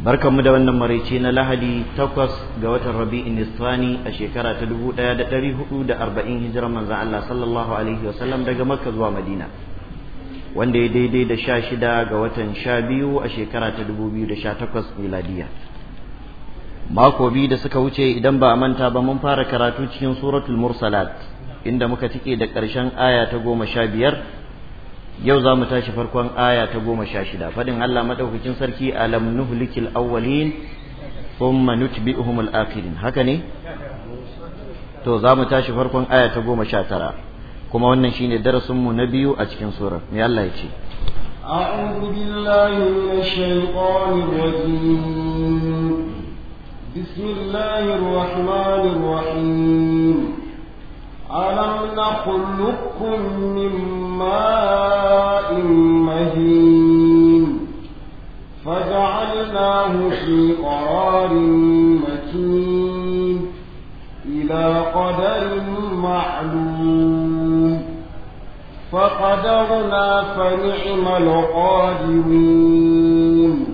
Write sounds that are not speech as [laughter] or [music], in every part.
barkanmu da wannan maraice na lahadi takwas ga watan rabi'in nisfani a shekara ta dubu ɗaya da ɗari hudu da arba'in hijirar manzan Allah sallallahu alaihi wasallam daga makka zuwa madina wanda ya daidai da sha shida ga watan sha biyu a shekara ta dubu biyu da sha takwas miladiya mako biyu da suka wuce idan ba a manta ba mun fara karatu cikin suratul mursalat inda muka cike da ƙarshen aya ta goma sha biyar yau za mu tashi farkon aya ta goma sha shida faɗin Allah maɗaukakin sarki alam nuhlikil awwalin thumma nutbi'uhum al-akhirin haka ne to za mu tashi farkon aya ta goma sha tara kuma wannan shine darasin mu na biyu a cikin surar me Allah ya ce أعوذ بالله من الشيطان الرجيم بسم الله الرحمن ألم نخلقكم من ماء مهين فجعلناه في قرار مكين إلى قدر معلوم فقدرنا فنعم القادرين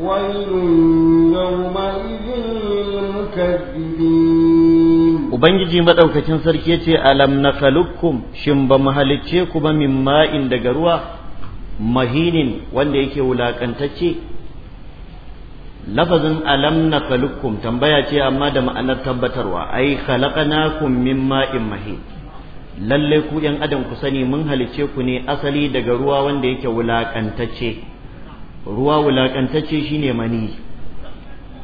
ويل يومئذ للمكذبين ubangiji maɗaukacin sarki yace alam nakhalukum shin ba mu halicce ku ba min ma'in daga ruwa mahinin wanda yake wulakantacce lafazin alam nakhalukum tambaya ce amma da ma'anar tabbatarwa ai khalaqnakum min ma'in mahin lalle ku yan adam ku sani mun halicce ku ne asali daga ruwa wanda yake wulakantacce ruwa wulakantacce shine mani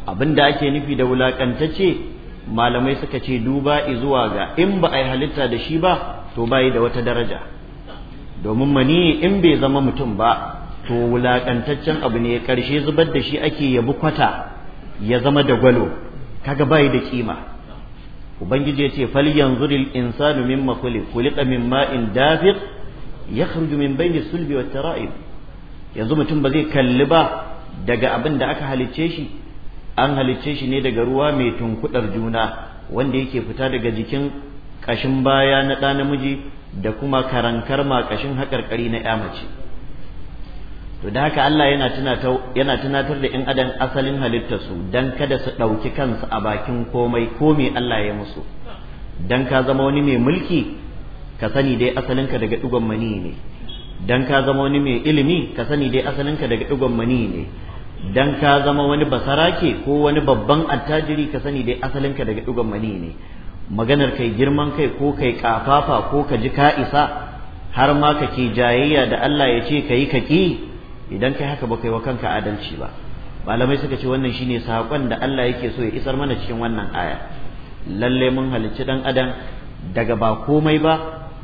abinda ake nufi da wulakantacce malamai suka ce duba zuwa ga in ba a yi halitta da shi ba to bayi da wata daraja domin mani in bai zama mutum ba to wulaƙantaccen abu ne ƙarshe zubar da shi ake yabi kwata ya zama da gwalo kaga bayi da kima ubangiji ya ce fal yanzuril insanu mimma khuliq khuliqa min ma'in dafiq yakhruju min bayni sulbi wat tara'ib yanzu mutum ba zai kalli ba daga abin da aka halicce shi an halicce shi ne daga ruwa mai tunkuɗar juna wanda yake fita daga jikin ƙashin baya na ɗa namiji da kuma karankar ma kashin haƙarƙari na ya mace to da haka Allah yana tunatar da 'yan adam asalin halittarsu su dan kada su ɗauki kansu a bakin komai ko me Allah ya musu dan ka zama wani mai mulki ka sani dai asalinka daga ɗugon mani ne dan ka zama wani mai ilimi ka sani dai asalinka daga ɗugon mani ne dan ka zama wani basarake ko wani babban attajiri ka sani dai asalinka daga dugan mani ne maganar kai girman kai ko kai kafafa ko ka ji ka isa har ma ka ke jayayya da Allah ya ce kayi ka ki idan kai haka ba kai wa kanka adalci ba malamai suka ce wannan shine sakon da Allah yake so ya isar mana cikin wannan aya lalle mun halicci dan adam daga ba komai ba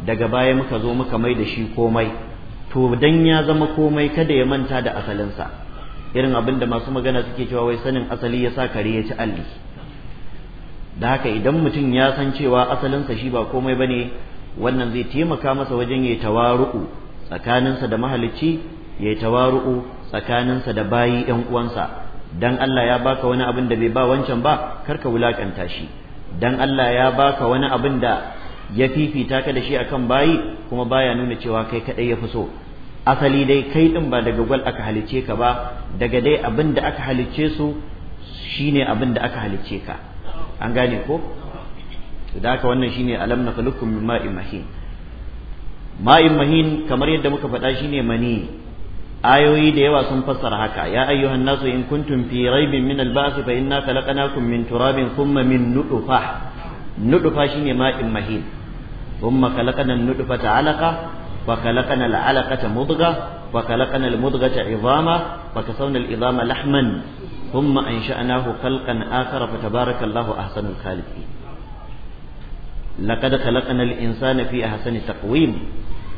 daga baya muka zo muka mai da shi komai to dan ya zama komai kada ya manta da asalinsa irin abin da masu magana suke cewa wai sanin asali ya sa kare ya ci alli da haka idan mutum ya san cewa asalinsa shi ba komai bane wannan zai taimaka masa wajen ya tawaru'u tsakaninsa da mahalicci ya tawaru'u tsakaninsa da bayi yan uwansa dan Allah ya baka wani abin da bai ba wancan ba kar ka wulakanta shi dan Allah ya baka wani abin da ya fifita ka da shi akan bayi kuma baya nuna cewa kai kadai ya fi so asali dai kai din ba daga gwal aka halice ka ba daga dai abin da aka halice su shine abin da aka halice ka an gane ko da haka wannan shine alam na khulukum min ma'in mahin ma'in mahin kamar yadda muka faɗa shine mani ayoyi da yawa sun fassara haka ya ayyuhan nasu in kuntum fi raibin min al-ba'th fa inna khalaqnakum min turabin thumma min nutfah nutfah shine ma'in mahin thumma khalaqna an-nutfata 'alaqa فخلقنا العلقة مضغة فخلقنا المضغة عظاما فكسونا العظام لحما ثم أنشأناه خلقا آخر فتبارك الله أحسن الخالقين لقد خلقنا الإنسان في أحسن تقويم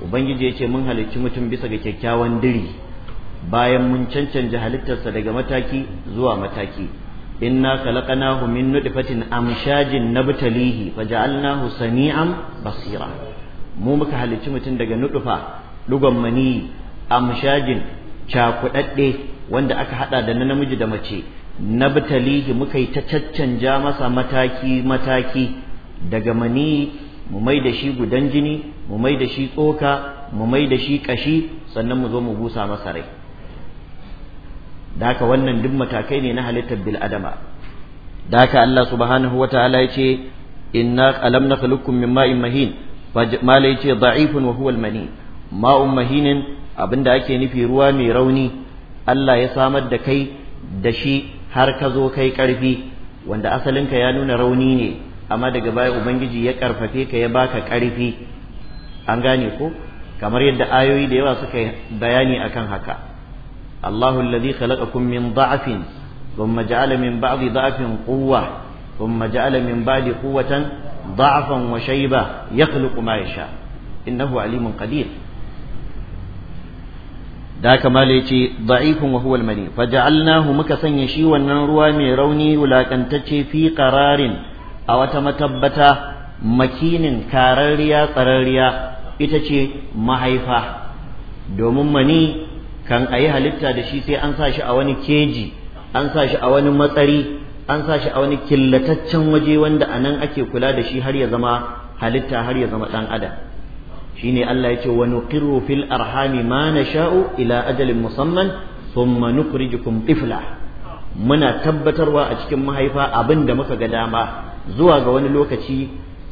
ubangiji ya ce mun halicci mutum bisa ga kyakkyawan diri bayan mun cancanta halittarsa daga mataki zuwa mataki inna nahu min fatin amshajin nabtalihi faja'alnahu sami'an basira mu muka halicci mutum daga nudufa dugon mani amshajin cakuɗaɗɗe wanda aka haɗa da na namiji da mace na bitalihi muka yi ta caccanja masa mataki mataki daga mani mu mai da shi gudan jini mu mai da shi tsoka mu mai da shi ƙashi sannan mu zo mu busa masa rai daka wannan duk matakai ne na halittar bil'adama da daka Allah subhanahu wa ta'ala ya ce inna alamna nakhluqukum min ma'in mahin mala yace da'ifun wa huwa al-mani mahinin abinda ake nufi ruwa mai rauni Allah ya samar da kai da shi har ka zo kai karfi wanda asalinka ya nuna rauni ne amma daga baya ubangiji ya karfafe ka ya baka karfi an gane ko kamar yadda ayoyi da yawa suka yi bayani akan haka Allahu alladhi khalaqakum min dha'fin thumma ja'ala min ba'di dha'fin quwwa thumma ja'ala min ba'di quwwatan ضعفا وشيبة يخلق ما يشاء إنه عليم قدير ذاك ما ليتي ضعيف وهو المني فجعلناه مكسا يشي والنروى ميروني ولكن تتشي في قرار أو تمتبتا مكين كارريا قرريا itace mahaifa domin mani kan ayi halitta da shi sai an sa shi a wani keji an sa shi a wani matsari an sa shi a wani killataccen waje wanda a nan ake kula da shi har ya zama halitta har ya zama ɗan adam ne Allah ya ce wa nuqirru fil arhami ma nasha'u ila ajalin musamman thumma nukhrijukum tifla muna tabbatarwa a cikin mahaifa abin da muka ga dama zuwa ga wani lokaci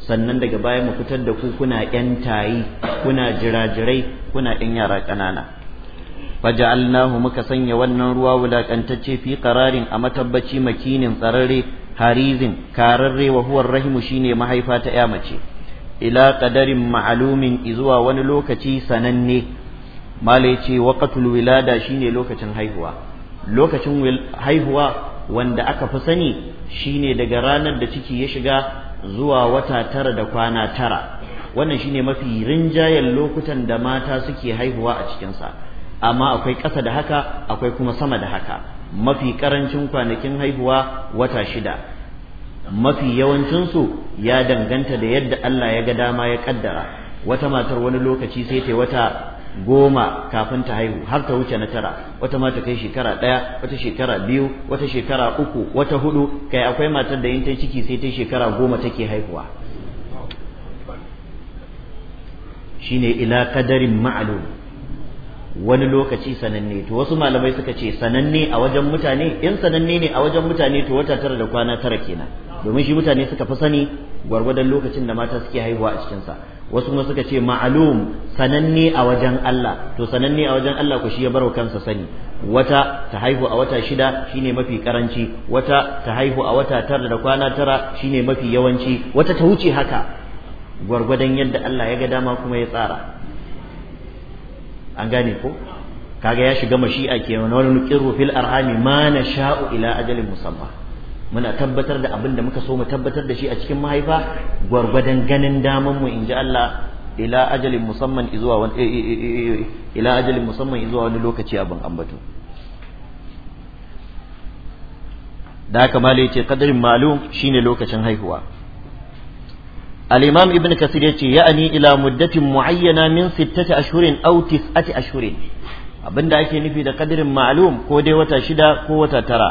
sannan daga baya mu fitar da ku kuna yan tayi kuna jirajirai kuna yan yara ƙanana faja'alnahu muka sanya wannan ruwa wulakantacce fi qararin a matabbaci makinin tsararre harizin kararre wa huwa rahimu shine mahaifa ta ya mace ila qadarin ma'lumin izuwa wani lokaci sananne mala ce waqatul wilada shine lokacin haihuwa lokacin haihuwa wanda aka fi sani shine daga ranar da ciki ya shiga zuwa wata tara da kwana tara wannan shine mafi rinjayen lokutan da mata suke haihuwa a cikinsa amma akwai ƙasa da haka akwai kuma sama da haka mafi ƙarancin kwanakin haihuwa wata shida mafi yawancinsu ya danganta da yadda Allah ya ga dama ya ƙaddara wata matar wani lokaci sai ta wata goma kafin ta haihu har ta wuce na tara wata mata kai shekara ɗaya wata shekara biyu wata shekara uku wata hudu kai akwai matar da yin ta ciki sai ta shekara goma take haihuwa shine ila kadarin ma'lum wani lokaci sananne to wasu malamai suka ce sananne a wajen mutane in sananne ne a wajen mutane to wata tara da kwana tara kenan domin shi mutane suka fi sani gwargwadon lokacin da mata suke haihuwa a sa wasu kuma suka ce ma'alum sananne a wajen Allah to sananne a wajen Allah ku shi ya baro kansa sani wata ta haihu a wata shida shine mafi karanci wata ta haihu a wata tara da kwana tara shine mafi yawanci wata ta wuce haka gwargwadon yadda Allah ya ga dama kuma ya tsara an gane ko kaga ya shiga mashi'a kenan wani nuqirru fil arhami ma nasha'u ila ajalin musamma muna tabbatar da abin da muka so mu tabbatar da shi a cikin mahaifa gwargwadon ganin daman mu inji Allah ila ajalin musamman zuwa wani eh, eh, eh, ila ajalin musamman zuwa wani lokaci abin ambato da haka malai ce kadarin malum shine lokacin haihuwa alimam imam ibn kasir yace ya'ani ila mu ayyana min sittati ashhurin aw tis'ati ashhurin abinda ake nufi da kadirin ma'lum ko dai wata shida ko wata tara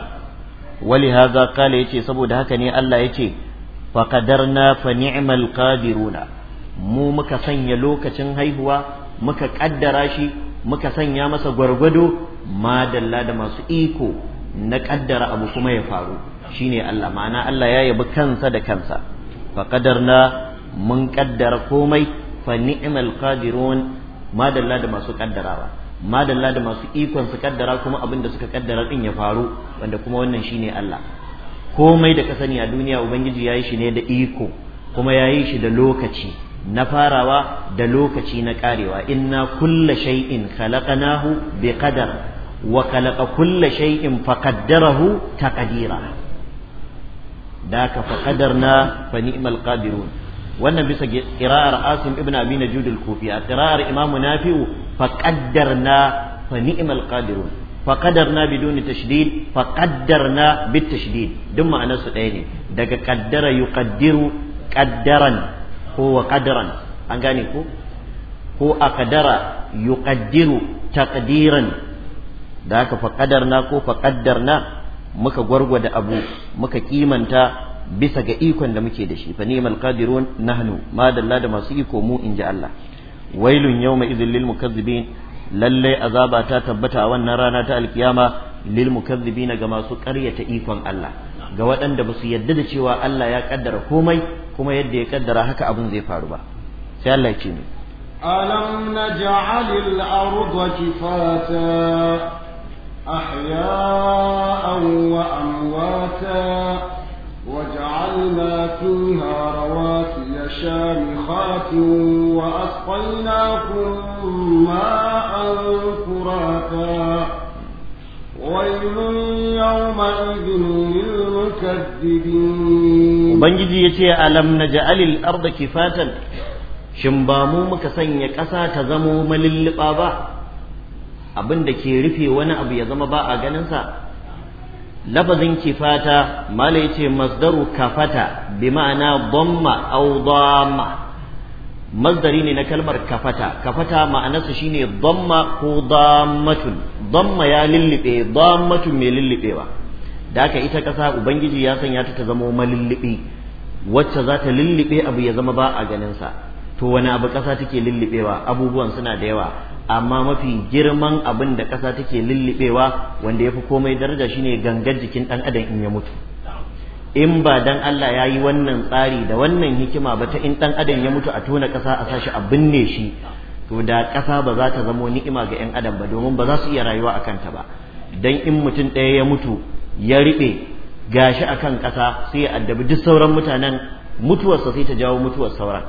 wali haza kala yace saboda haka ne Allah yace fa qadarna fa ni'mal qadiruna mu muka sanya lokacin haihuwa muka kaddara shi muka sanya masa gwargwado madalla da masu iko na kaddara abu kuma ya faru shine Allah ma'ana Allah ya yabi kansa da kansa fa qadarna mun kaddara komai fa ni'mal qadirun madalla da masu kaddarawa madalla da masu ikon su kaddara kuma abin da suka kaddara din ya faru wanda kuma wannan shine Allah komai da ka sani a duniya ubangiji yayi shi ne da iko kuma yayi shi da lokaci na farawa da lokaci na karewa inna kulla shay'in khalaqnahu biqadar wa khalaqa kulla shay'in faqaddarahu taqdira da ka faqadarna fa ni'mal qadirun wannan bisa qira'ar Asim ibn Abi Najud al-Kufi a qira'ar imamu Nafi'u fa qaddarna fa ni'mal qadirun fa qaddarna bidun tashdid fa qaddarna bit tashdid duk ma'anar su ɗaya ne daga qaddara yuqaddiru qaddaran ko wa qadran an gane ko ko qaddara yuqaddiru taqdiran da ka fa qaddarna ko fa qaddarna muka gwargwada abu muka kimanta bisa ga ikon da muke da shi fa ni'mal qadirun nahnu ma dalla da masu iko mu in ji Allah wailun yawma idhil lil mukazzibin lalle azaba ta tabbata a wannan rana ta alkiyama lil mukazzibina ga masu ƙaryata ikon Allah ga waɗanda ba su yadda da cewa Allah ya kaddara komai kuma yadda ya kaddara haka abin zai faru ba sai Allah ya ce ni alam naj'alil arda kifata ahya'an wa amwata وجعلنا فيها رواسي شامخات وأسقيناكم ماء فراتا ويل يومئذ للمكذبين Ubangiji ya ce alam na ja'alil arda kifatan shin ba mu muka sanya ƙasa ta zamo malilliɓa ba abin da ke rufe wani abu ya zama ba a ganinsa? lafazin kifata mala yace masdaru kafata bi ma'ana dhamma aw dhamma masdari ne na kalmar kafata kafata ma'anarsa shine dhamma ko dhammatun dhamma ya lillibe dhammatun mai lillibewa da haka ita kasa ubangiji ya sanya ta ta zama malillibi wacce za ta lillibe abu ya zama ba a ganin sa to wani abu kasa take lillibewa abubuwan suna da yawa amma mafi girman abin da ƙasa take lullubewa wanda ya fi komai daraja shine gangar jikin ɗan adam in ya mutu in ba dan Allah ya yi wannan tsari da wannan hikima ba ta in ɗan adam ya mutu a tona ƙasa a sashi a binne shi to da ƙasa ba za ta zamo ni'ima ga ƴan adam ba domin ba za su iya rayuwa a kanta ba dan in mutum ɗaya ya mutu ya riɓe gashi a kan ƙasa sai ya addabi duk sauran mutanen mutuwarsa sai ta jawo mutuwar sauran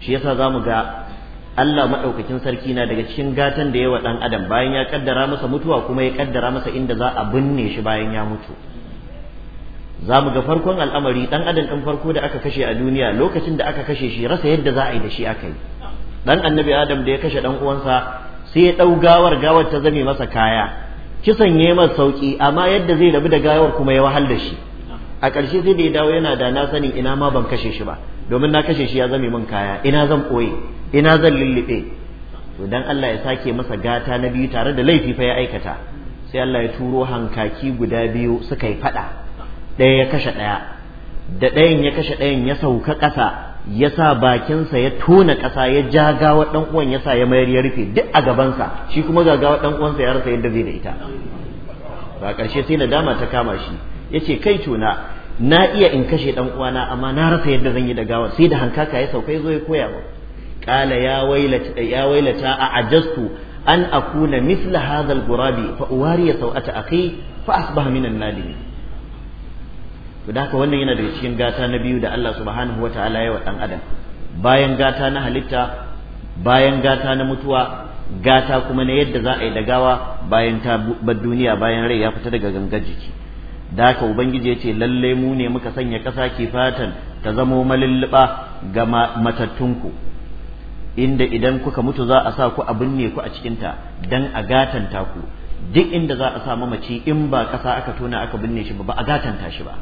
shi yasa za mu ga Allah madaukakin sarki na daga cikin gatan da yawa dan adam bayan ya kaddara masa mutuwa kuma ya kaddara masa inda za a binne shi bayan ya mutu za mu ga farkon al'amari ɗan adam din farko da aka kashe a duniya lokacin da aka kashe shi rasa yadda za a yi da shi aka yi Ɗan annabi adam da ya kashe ɗan uwansa sai ya dau gawar gawar ta zame masa kaya kisan yayi masa sauki amma yadda zai rabu da gawar kuma ya wahal da shi a ƙarshe sai da ya dawo yana da na sanin ina ma ban kashe shi ba domin na kashe shi ya zame min kaya ina zan ɓoye ina zan lullube to dan Allah ya sake masa gata na biyu tare da laifi fa ya aikata sai Allah ya turo hankaki guda biyu suka yi fada ɗaya ya kashe ɗaya da ɗayan ya kashe ɗayan ya sauka ƙasa ya sa bakinsa ya tona ƙasa ya ja gawa ɗan uwan ya sa ya mayar ya rufe duk a gabansa shi kuma ga gawa ɗan uwansa ya rasa yadda zai da ita ba ƙarshe sai nadama ta kama shi yace kai tona na iya in kashe dan uwana amma na rasa yadda zan yi da gawar sai da hankaka ya sauka zo ya koya ba. qala ya wailata ya wailata a ajastu an akuna mithla hadha al-gurabi fa uwariya sawata akhi fa asbaha min an to da haka wannan yana da cikin gata na biyu da Allah subhanahu wataala ya wa dan adam bayan gata na halitta bayan gata na mutuwa gata kuma na yadda za a yi dagawa bayan ta bad duniya bayan rai ya fita daga gangar jiki da haka ubangiji ya ce lalle mu ne muka sanya ƙasa fatan ta zamo malulluba ga matattunku inda idan kuka mutu za a sa ku a binne ku a cikinta dan a gatanta ku duk inda za a sa mamaci in ba ƙasa aka tona aka binne shi ba ba a gatanta shi ba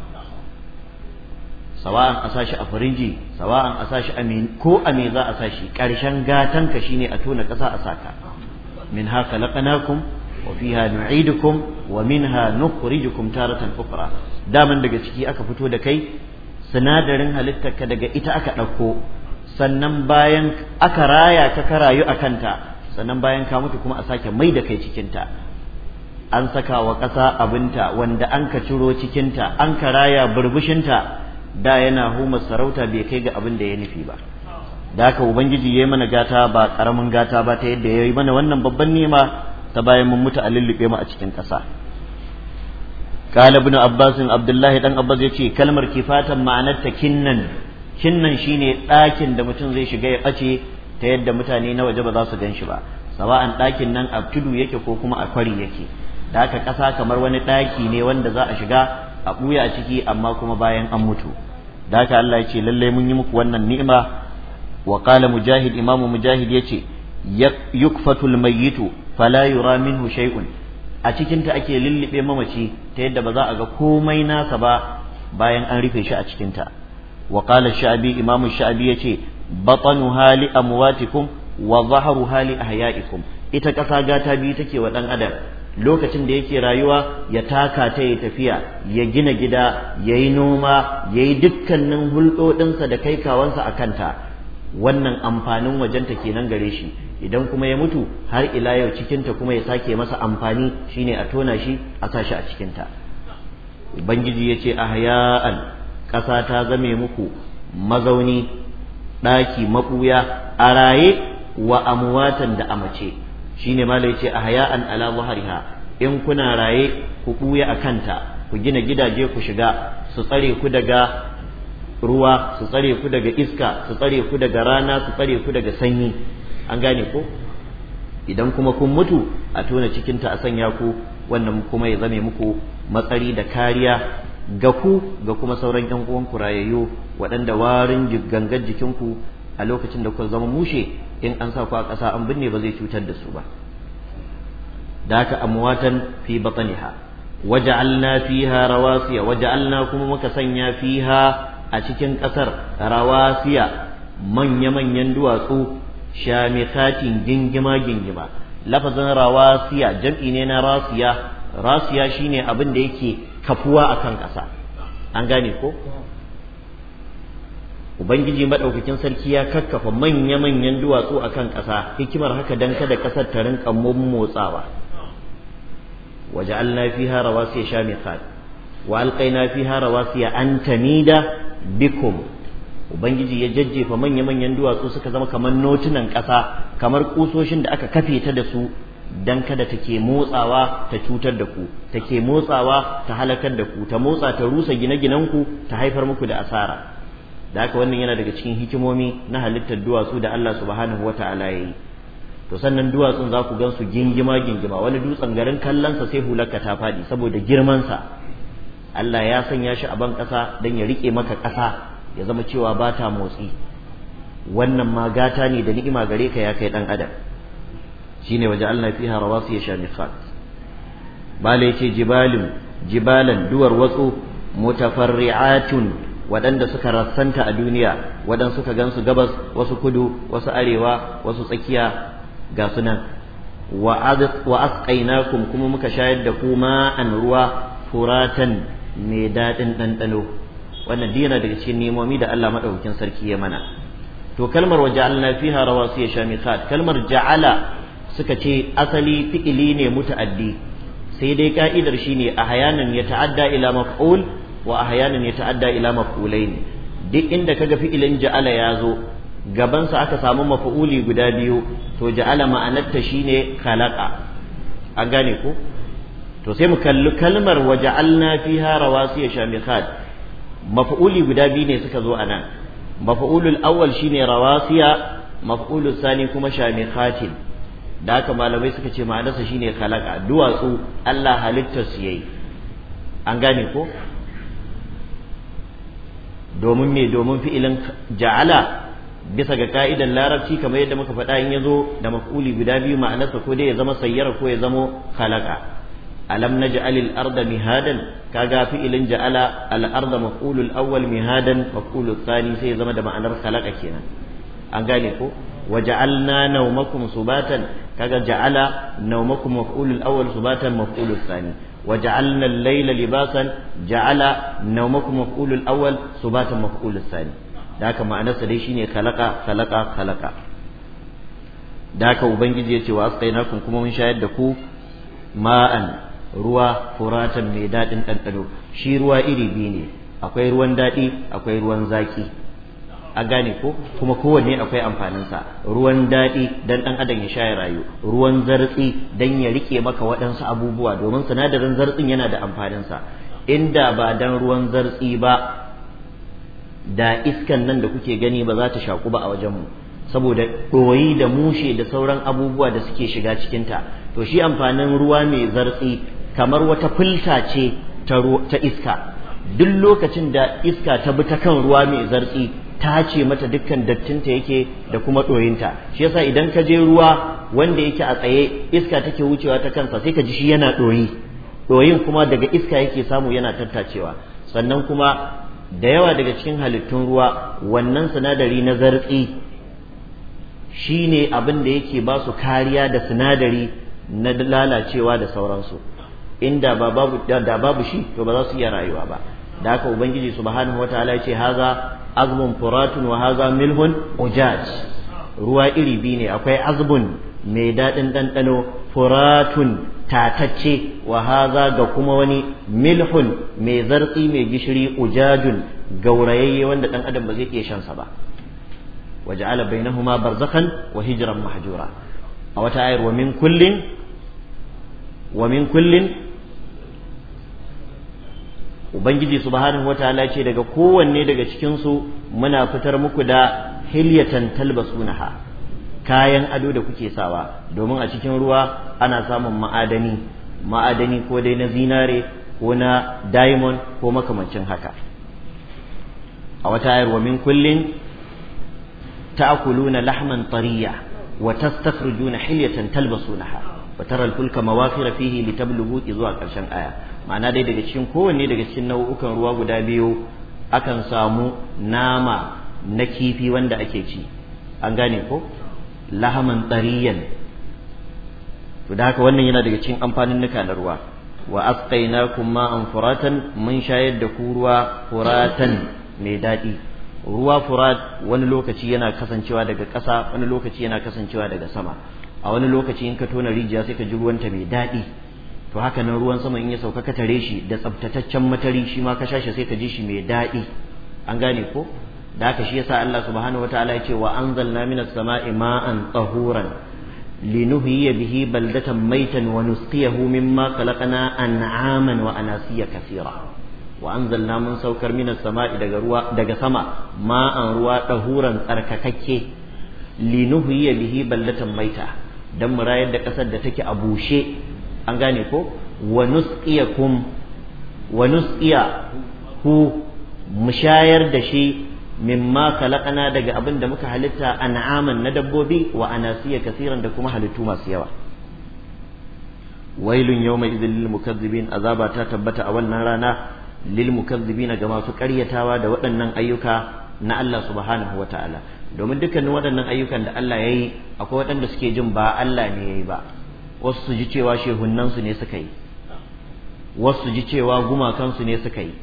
sawa'an a sashi a farinji sawa'an a sashi a ko a me za a sashi ƙarshen gatanka shine a tona ƙasa a saka min haka laqanakum وفيها نعيدكم ومنها نخرجكم تارة أخرى دائما daga ciki aka fito da kai sinadarin ka daga ita aka ɗauko sannan bayan aka raya ka ka rayu a kanta sannan bayan ka mutu kuma a sake mai da kai cikinta an saka wa ƙasa abinta wanda an ka ciro cikinta an ka raya burbushinta da yana huma sarauta bai kai ga abin da ya nufi ba da haka ubangiji ya yi mana gata ba ƙaramin gata ba ta yadda ya yi mana wannan babban nema ta bayan mun mutu a lullube mu a cikin ƙasa qala ibn abbas abdullahi dan abbas yace kalmar kifatan ma'anarta kinnan kinnan shine ɗakin da mutum zai shiga ya ɓace ta yadda mutane na waje ba za su gan shi ba sawa'an ɗakin nan a tudu yake ko kuma a kwari yake da haka ƙasa kamar wani ɗaki ne wanda za a shiga a buya a ciki amma kuma bayan an mutu da haka Allah ya ce lallai mun yi muku wannan ni'ima wa qala mujahid imamu mujahid yace yukfatul mayyitu fala yura minhu shay'un a cikin ta ake lullube mamaci ta yadda ba za a ga komai nasa ba bayan an rufe shi a cikin ta wa qala sha'bi imamu sha'bi yace batanu hali amwatikum wa zahru hali ahyaikum ita kasa gata biyu take wa dan adam lokacin da yake rayuwa ya taka ta ya tafiya ya gina gida ya yi noma ya yi dukkanin hulɗoɗinsa da kaikawansa a kanta wannan amfanin wajenta kenan gare shi idan kuma ya mutu har ila yau cikinta kuma ya sake masa amfani shine a tona shi a sa shi a cikinta ubangiji ya ce ahya'an ƙasa ta zame muku mazauni ɗaki maɓuya a raye wa amwatan da amace shine malai ya ce ahya'an ala wahariha in kuna raye ku ɓuya a kanta ku gina gidaje ku shiga su tsare ku daga ruwa su tsare ku daga iska su tsare ku daga rana su tsare ku daga sanyi an gane ko idan kuma kun mutu a tona cikinta a sanya ku wannan kuma ya zame muku matsari da kariya ga ku ga kuma sauran yan ku rayayyo waɗanda warin gangan ku a lokacin da kuka zama mushe in an sa ku a ƙasa an binne ba zai cutar da su ba da haka amwatan fi bataniha waja'alna fiha rawasiya waja'alna kuma muka sanya fiha a cikin ƙasar rawasiya manya-manyan duwatsu shamikatin gingima gingima lafazin rawasiya jam'i ne na rasiya rasiya shine abin da yake kafuwa akan ƙasa an gane ko ubangiji maɗaukakin sarki ya kakkafa manya-manyan duwatsu akan ƙasa hikimar haka dan kada ƙasar ta rinka motsawa waja'alna fiha rawasiya shamikat wa alqaina fiha rawasiya an tamida bikum ubangiji ya jajjefa manya-manyan duwatsu suka zama kamar notunan ƙasa kamar ƙusoshin da aka kafe ta da su dan kada take motsawa ta cutar da ku take motsawa ta halakar da ku ta motsa ta rusa gine-ginen ku ta haifar muku da asara da haka wannan yana daga cikin hikimomi na halittar duwatsu da Allah subhanahu wata'ala ya yi to sannan duwatsun za ku gan su gingima gingima wani dutsen garin kallonsa sai hularka ta faɗi saboda girmansa Allah ya sanya shi a ban ƙasa don ya riƙe maka ƙasa ya zama cewa ba ta motsi wannan ma gata ne da ni'ima gare ka ya kai dan adam shine waje Allah fiha rawasi ya sha bale yace jibalin jibalan duwar watsu mutafarri'atun waɗanda suka rassanta a duniya waɗanda suka gansu gabas wasu kudu wasu arewa wasu tsakiya ga sunan wa asqainakum kuma muka shayar da ku ma'an ruwa furatan me dadin dandano. wannan dina daga cikin nemomi da Allah madaukakin sarki ya mana to kalmar wa ja'alna fiha rawasiya shamikat kalmar ja'ala suka ce asali fi'ili ne muta'addi sai dai ka'idar shine ahyanan ya ta'adda ila maf'ul wa ahyanan ya ta'adda ila maf'ulain duk inda kaga fi'ilin ja'ala ya zo gaban sa aka samu maf'uli guda biyu to ja'ala ma'anarta shine khalaqa an gane ko to sai mu kalli kalmar wa ja'alna fiha rawasiya shamikat maf'uli guda biyu ne suka zo a nan mafa'ulul awwal shine rawasiya mafa'ulul sani kuma shamikhatin da haka malamai suka ce ma'anarsa shine khalaqa duwatsu Allah halitta su yayi an gane ko domin me domin fi'ilin ja'ala bisa ga ka'idan larabci kamar yadda muka faɗa in yazo da maf'uli guda biyu ma'anarsa ko dai ya zama sayyara ko ya zama khalaqa alam naj'al al-arda mihadan kaga fi'ilin ja'ala al-arda maf'ulul awwal mihadan maf'ulul thani sai zama da ma'anar khalaqa kenan an gane ko waja'alna nawmakum subatan kaga ja'ala nawmakum maf'ulul awwal subatan maf'ulul thani waja'alna al-layla libasan ja'ala nawmakum maf'ulul awwal subatan maf'ulul thani da haka ma'anarsa dai shine khalaqa khalaqa khalaqa da haka ubangiji ya ce wa asqainakum kuma mun shayar da ku ma'an ruwa furatan mai daɗin ɗanɗano shi ruwa iri biyu ne akwai ruwan daɗi akwai ruwan zaki a gane ko kuma kowanne akwai amfaninsa ruwan daɗi dan ɗan adam ya sha ya rayu ruwan zartsi dan ya rike maka waɗansu abubuwa domin sinadarin zartsin yana da amfaninsa inda ba dan ruwan zartsi ba da iskan nan da kuke gani ba za ta shaku ba a wajenmu saboda ɗoyi da mushe da sauran abubuwa da suke shiga cikinta to shi amfanin ruwa mai zartsi kamar wata filta ce ta iska duk lokacin da iska ta bi ta kan ruwa mai zartsi ta ce mata dukkan dattinta yake da kuma ɗoyinta shi yasa idan ka je ruwa wanda yake a tsaye iska take wucewa ta kansa sai ka ji shi yana ɗoyi ɗoyin kuma daga iska yake samu yana tattacewa sannan kuma da yawa daga cikin halittun ruwa wannan sinadari na zartsi shine abin da yake ba su kariya da sinadari na lalacewa da sauransu inda ba babu da babu shi to ba za su iya rayuwa ba da haka ubangiji subhanahu wataala ya ce haza azbun furatun wa haza milhun ujaj ruwa iri biyu ne akwai azbun mai daɗin ɗanɗano furatun tatacce wa haza ga kuma wani milhun mai zartsi mai gishiri ujajun gaurayayye wanda ɗan adam ba zai iya shansa ba waja'ala bainahuma barzakhan wa hijran mahjura a wata ayar wa min kullin wa min kullin ubangiji subhanahu wataala ce daga kowanne daga cikin su muna fitar muku da hilyatan talbasunaha kayan ado da kuke sawa domin a cikin ruwa ana samun ma'adani ma'adani ko dai na zinare ko na diamond ko makamancin haka a wata ayar wa min kullin ta'kuluna lahman tariya wa tastakhrijuna hilyatan talbasunaha wa tara fulka mawakhira fihi litablugu zuwa ƙarshen aya ma'ana dai daga cikin kowanne daga cikin nau'ukan ruwa guda biyu akan samu nama na kifi wanda ake ci an gane ko lahaman tsariyan to da haka wannan yana daga cikin amfanin nuka na ruwa wa kuma ma'an furatan mun shayar da ku ruwa furatan mai daɗi ruwa furat wani lokaci yana kasancewa daga ƙasa wani lokaci yana kasancewa daga sama a wani lokaci in ka tona rijiya sai ka ji ruwanta mai daɗi to haka nan ruwan sama in ya sauka ka tare shi da tsabtataccen matari shi ma ka shashi sai ka ji shi mai daɗi an gane ko da haka shi yasa Allah subhanahu wataala ya ce wa anzalna minas sama'i ma'an tahuran linuhyiya bihi baldatan maitan wa nusqiyahu mimma khalaqna an'aman wa anasiya kathira wa anzalna mun saukar minas sama'i daga ruwa daga sama ma'an ruwa dahuran tsarkakakke linuhyiya bihi baldatan maita dan murayar da kasar da take a bushe an gane ko wa nusqiyakum wa nusqiya hu mushayar da shi mimma khalaqana daga abin da muka halitta an'aman na dabbobi wa anasiya kasiran da kuma halittu masu yawa wailun yawma idhil lil mukazzibin azaba ta tabbata a wannan rana lil mukazzibin ga masu karyatawa da waɗannan ayyuka na Allah subhanahu wataala domin dukkanin waɗannan ayyukan da Allah ya yi akwai waɗanda suke jin ba Allah ne ya yi ba wasu su ji cewa shehunnansu ne suka yi wasu su ji cewa gumakansu ne suka yi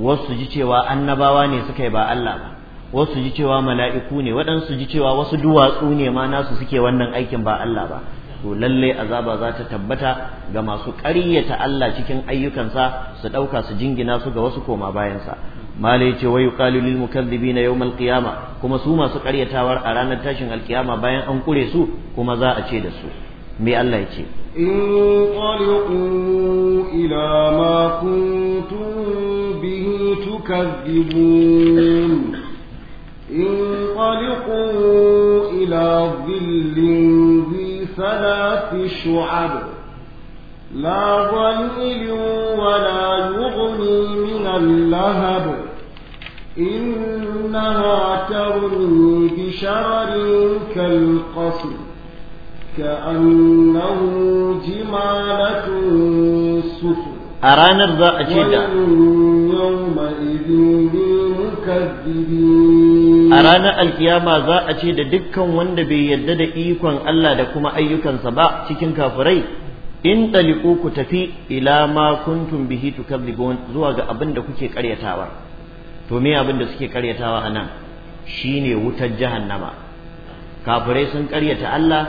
wasu su ji cewa annabawa ne suka yi ba Allah ba wasu ji cewa mala'iku ne waɗansu ji cewa wasu duwatsu ne ma nasu suke wannan aikin ba Allah ba to lalle azaba za ta tabbata ga masu ƙaryata Allah cikin ayyukansa su ɗauka su jingina su ga wasu koma bayansa malai ce wayu qalilul mukazzibina yawmal qiyama kuma su masu ƙaryatawar a ranar tashin alkiyama bayan an kure su kuma za a ce da su me Allah ya ce ila ma kuntum bihi in qaliqu ila dhillin bi salati shu'ab لا ظليل ولا يغني من اللهب كأنه جمالة صفر A ذا أجيدا يومئذ ce da dukkan wanda bai دكا da ikon Allah da kuma ayyukansa ba cikin kafirai in ɗaliku ku tafi ila ma kuntum bihi tukadzibun zuwa ga abin da kuke karyatawa to me abin da suke karyatawa anan shine wutar jahannama kafirai sun ƙaryata Allah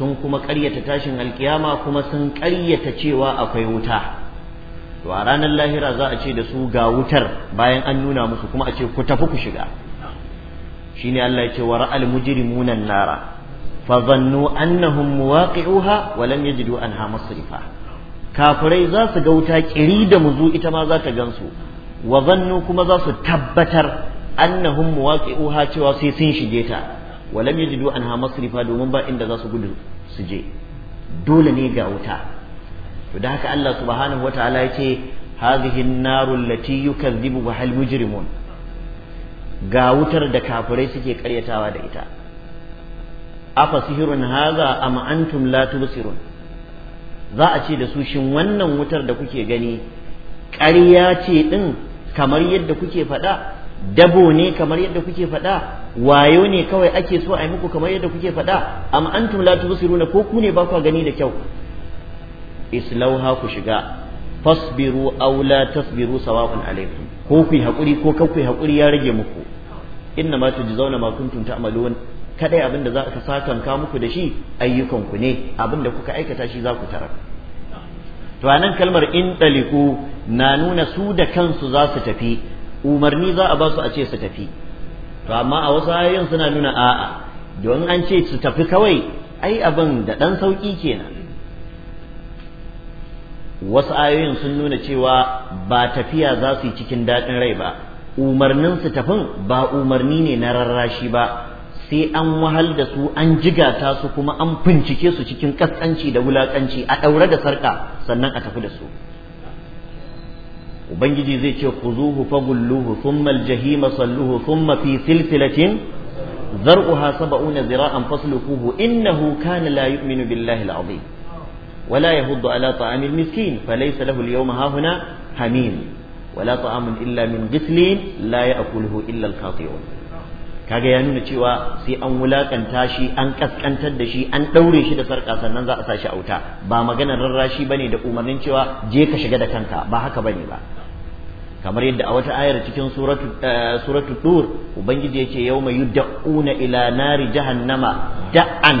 sun kuma ƙaryata tashin alkiyama kuma sun ƙaryata cewa akwai wuta to a ranar lahira za a ce da su ga wutar bayan an nuna musu kuma a ce ku tafi ku shiga shine Allah ya ce wa ra'al mujrimuna nara fa zannu annahum muwaqi'uha wa lam yajidu anha masrifa kafirai za su ga wuta kiri da muzu ita ma za ta gansu wa zannu kuma za su tabbatar annahum muwaqi'uha cewa sai sun shige ta walam yajidu anha masrifa domin ba inda za su gudu su je dole ne ga wuta to da haka Allah subhanahu wataala yace hadhihi an-naru allati yukazzibu biha hal mujrimun ga wutar da kafirai suke karyatawa da ita afa sihirun hadha am antum la tubsirun za a ce da su shin wannan wutar da kuke gani ƙarya ce din kamar yadda kuke faɗa dabo ne kamar yadda kuke faɗa wayo ne kawai ake so a yi muku kamar yadda kuke faɗa amma antum la tubsiruna ko ku ne ba ku gani da kyau islauha ku shiga fasbiru aw la tasbiru sawa'un alaikum ko ku hakuri ko kar ku hakuri ya rage muku inna ma zauna ma kuntum ta'malun kadai abin da za ka sakan ka muku da shi ayyukan ku ne abin kuka aikata shi za ku tara. to anan kalmar in daliku na nuna su da kansu za su tafi umarni za a ba su a ce su tafi to amma a wasu ayoyin suna nuna a'a don an ce su tafi kawai ai abin da ɗan sauƙi kenan wasu ayoyin sun nuna cewa ba tafiya za su yi cikin daɗin rai ba umarnin su tafin ba umarni ne na rarrashi ba sai an wahal da su an jigata su kuma an fincike su cikin ƙasƙanci da wulaƙanci a ɗaure da sarƙa sannan a tafi da su ubangiji zai ce ku khuzuhu fagulluhu thumma aljahima salluhu summa fi silsilatin zar'uha sab'una zira'an fasluquhu innahu kana la yu'minu billahi al'azim ولا يهض على طعام المسكين فليس له اليوم هاهنا حميم ولا طعام إلا من غسلين لا يأكله إلا الخاطئون kaga ya nuna cewa sai an wulakanta shi an kaskantar da shi an daure shi da sarka sannan za a sa shi a wuta ba maganar rarrashi bane da umarnin cewa je ka shiga da kanka ba haka bane ba kamar yadda a wata ayar cikin suratu eh, suratu dur ubangiji yace yawma yud'una ila nari jahannama da'an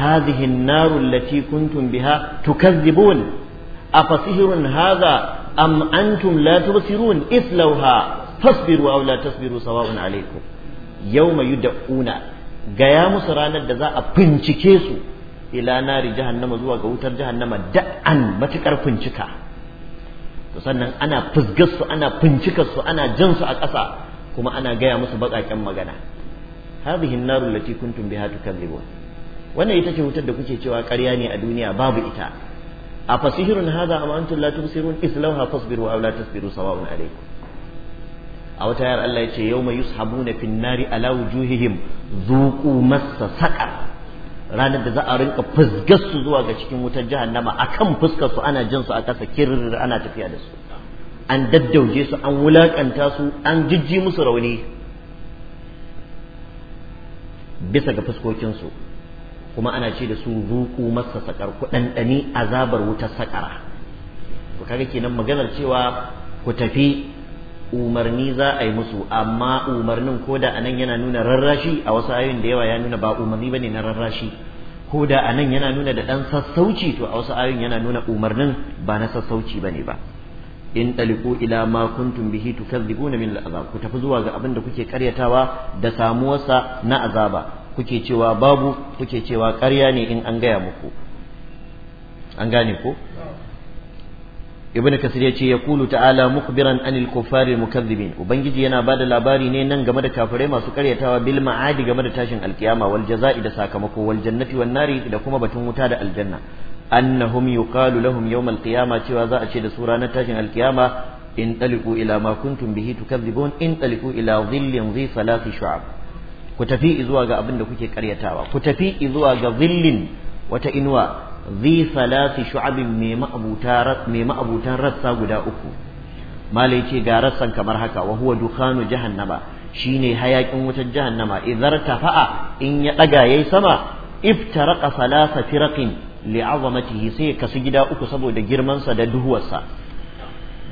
hadhihi an-nar allati kuntum biha tukazzibun afasihrun haza am antum la tubsirun islauha fasbiru aw tasbiru sawa'un alaykum Yau yawma una gaya musu ranar da za a fincike su ila nari jahannama zuwa ga wutar jahannama da'an matukar fincika. to sannan ana fusgar su ana fincikar su ana jan su a ƙasa kuma ana gaya musu baƙaƙen magana hadhihi an-naru allati kuntum biha tukadzibun wannan ita ce wutar da kuke cewa ƙarya ne a duniya babu ita a fasihirun hadha am antum la tubsirun islauha fasbiru aw la tasbiru sawa'un alaykum a wata yar Allah ya ce yau mai yushabuna fin nari ala wujuhihim zuqu massa ranar da za a rinka fusgar su zuwa ga cikin wutar jahannama akan fuskar su ana jin su a kasa kirrir ana tafiya da su an daddauje su an wulakanta su an jijji musu rauni bisa ga fuskokinsu, kuma ana ce da su zuku masa sakar ku azabar wutar sakara to kaga kenan maganar cewa ku tafi umarni za a yi musu amma umarnin ko da anan yana nuna rarrashi a wasu ayoyin da yawa ya nuna ba umarni bane na rarrashi ko da anan yana nuna da dan sassauci to a wasu ayoyin yana nuna umarnin ba na sassauci bane ba in taliku ila ma kuntum bihi tukazzibuna min al'azab ku tafi zuwa ga abin da kuke karyatawa da samuwarsa na azaba kuke cewa babu kuke cewa ƙarya ne in an gaya muku an gane ko ibn kasir ya ce ya kulu ta'ala biran anil kuffari mukazzibin ubangiji yana bada labari ne nan game da kafirai masu karyatawa bil ma'adi game da tashin alkiyama wal jaza'i da sakamako wal jannati wan nari da kuma batun wuta da aljanna annahum yuqalu lahum yawm cewa za a ce da su ranar tashin alkiyama in taliqu ila ma kuntum bihi tukazzibun in taliqu ila dhillin dhi salati shu'ab ku tafi zuwa ga abin da kuke karyatawa ku tafi zuwa ga dhillin wata inuwa zi salasi shu'abin mai ma'abutan rassa guda uku malai ce ga rassan kamar haka wa huwa dukhanu jahannama shine hayakin wutar jahannama idzar tafa'a in ya daga yayi sama iftaraqa salasa firaqin li'azamatihi sai kasu gida uku saboda girmansa da duhuwarsa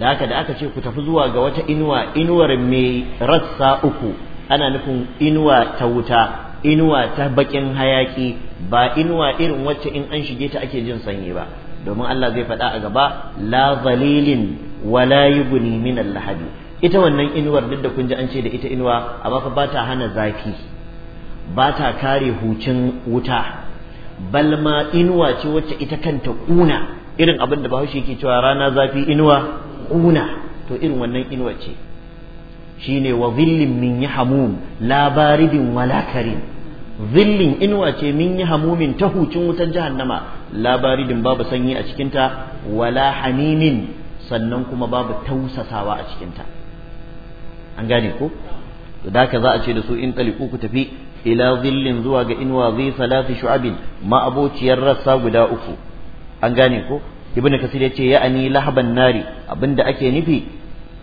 da haka da aka ce ku tafi zuwa ga wata inuwa inuwar mai rassa uku ana nufin inuwa ta wuta inuwa ta bakin hayaki ba inuwa irin wacce in an shige ta ake jin sanyi ba domin Allah zai faɗa a gaba la zalilin wala yubni min al-lahadi ita wannan inuwar duk da kun ji an ce da ita inuwa a fa ba ta hana zafi ba ta kare hucin wuta balma inuwa ce wacce ita kanta kuna irin abin da Bahaushe yake cewa rana zafi inuwa kuna to irin wannan inuwa ce shine wa zillin min yahmum la baridin wala karim zillin inuwa ce min yi hamumin ta hucin wutar jahannama din babu sanyi a cikinta wala hanimin sannan kuma babu tausasawa a cikinta an gane ko da ka za a ce da su in ɗaliku ku tafi ila zillin zuwa ga inuwa zai salafi shu'abin abociyar rassa guda uku an gane ko ibn kasir ya ce ya ya'ani lahaban nari abinda ake nufi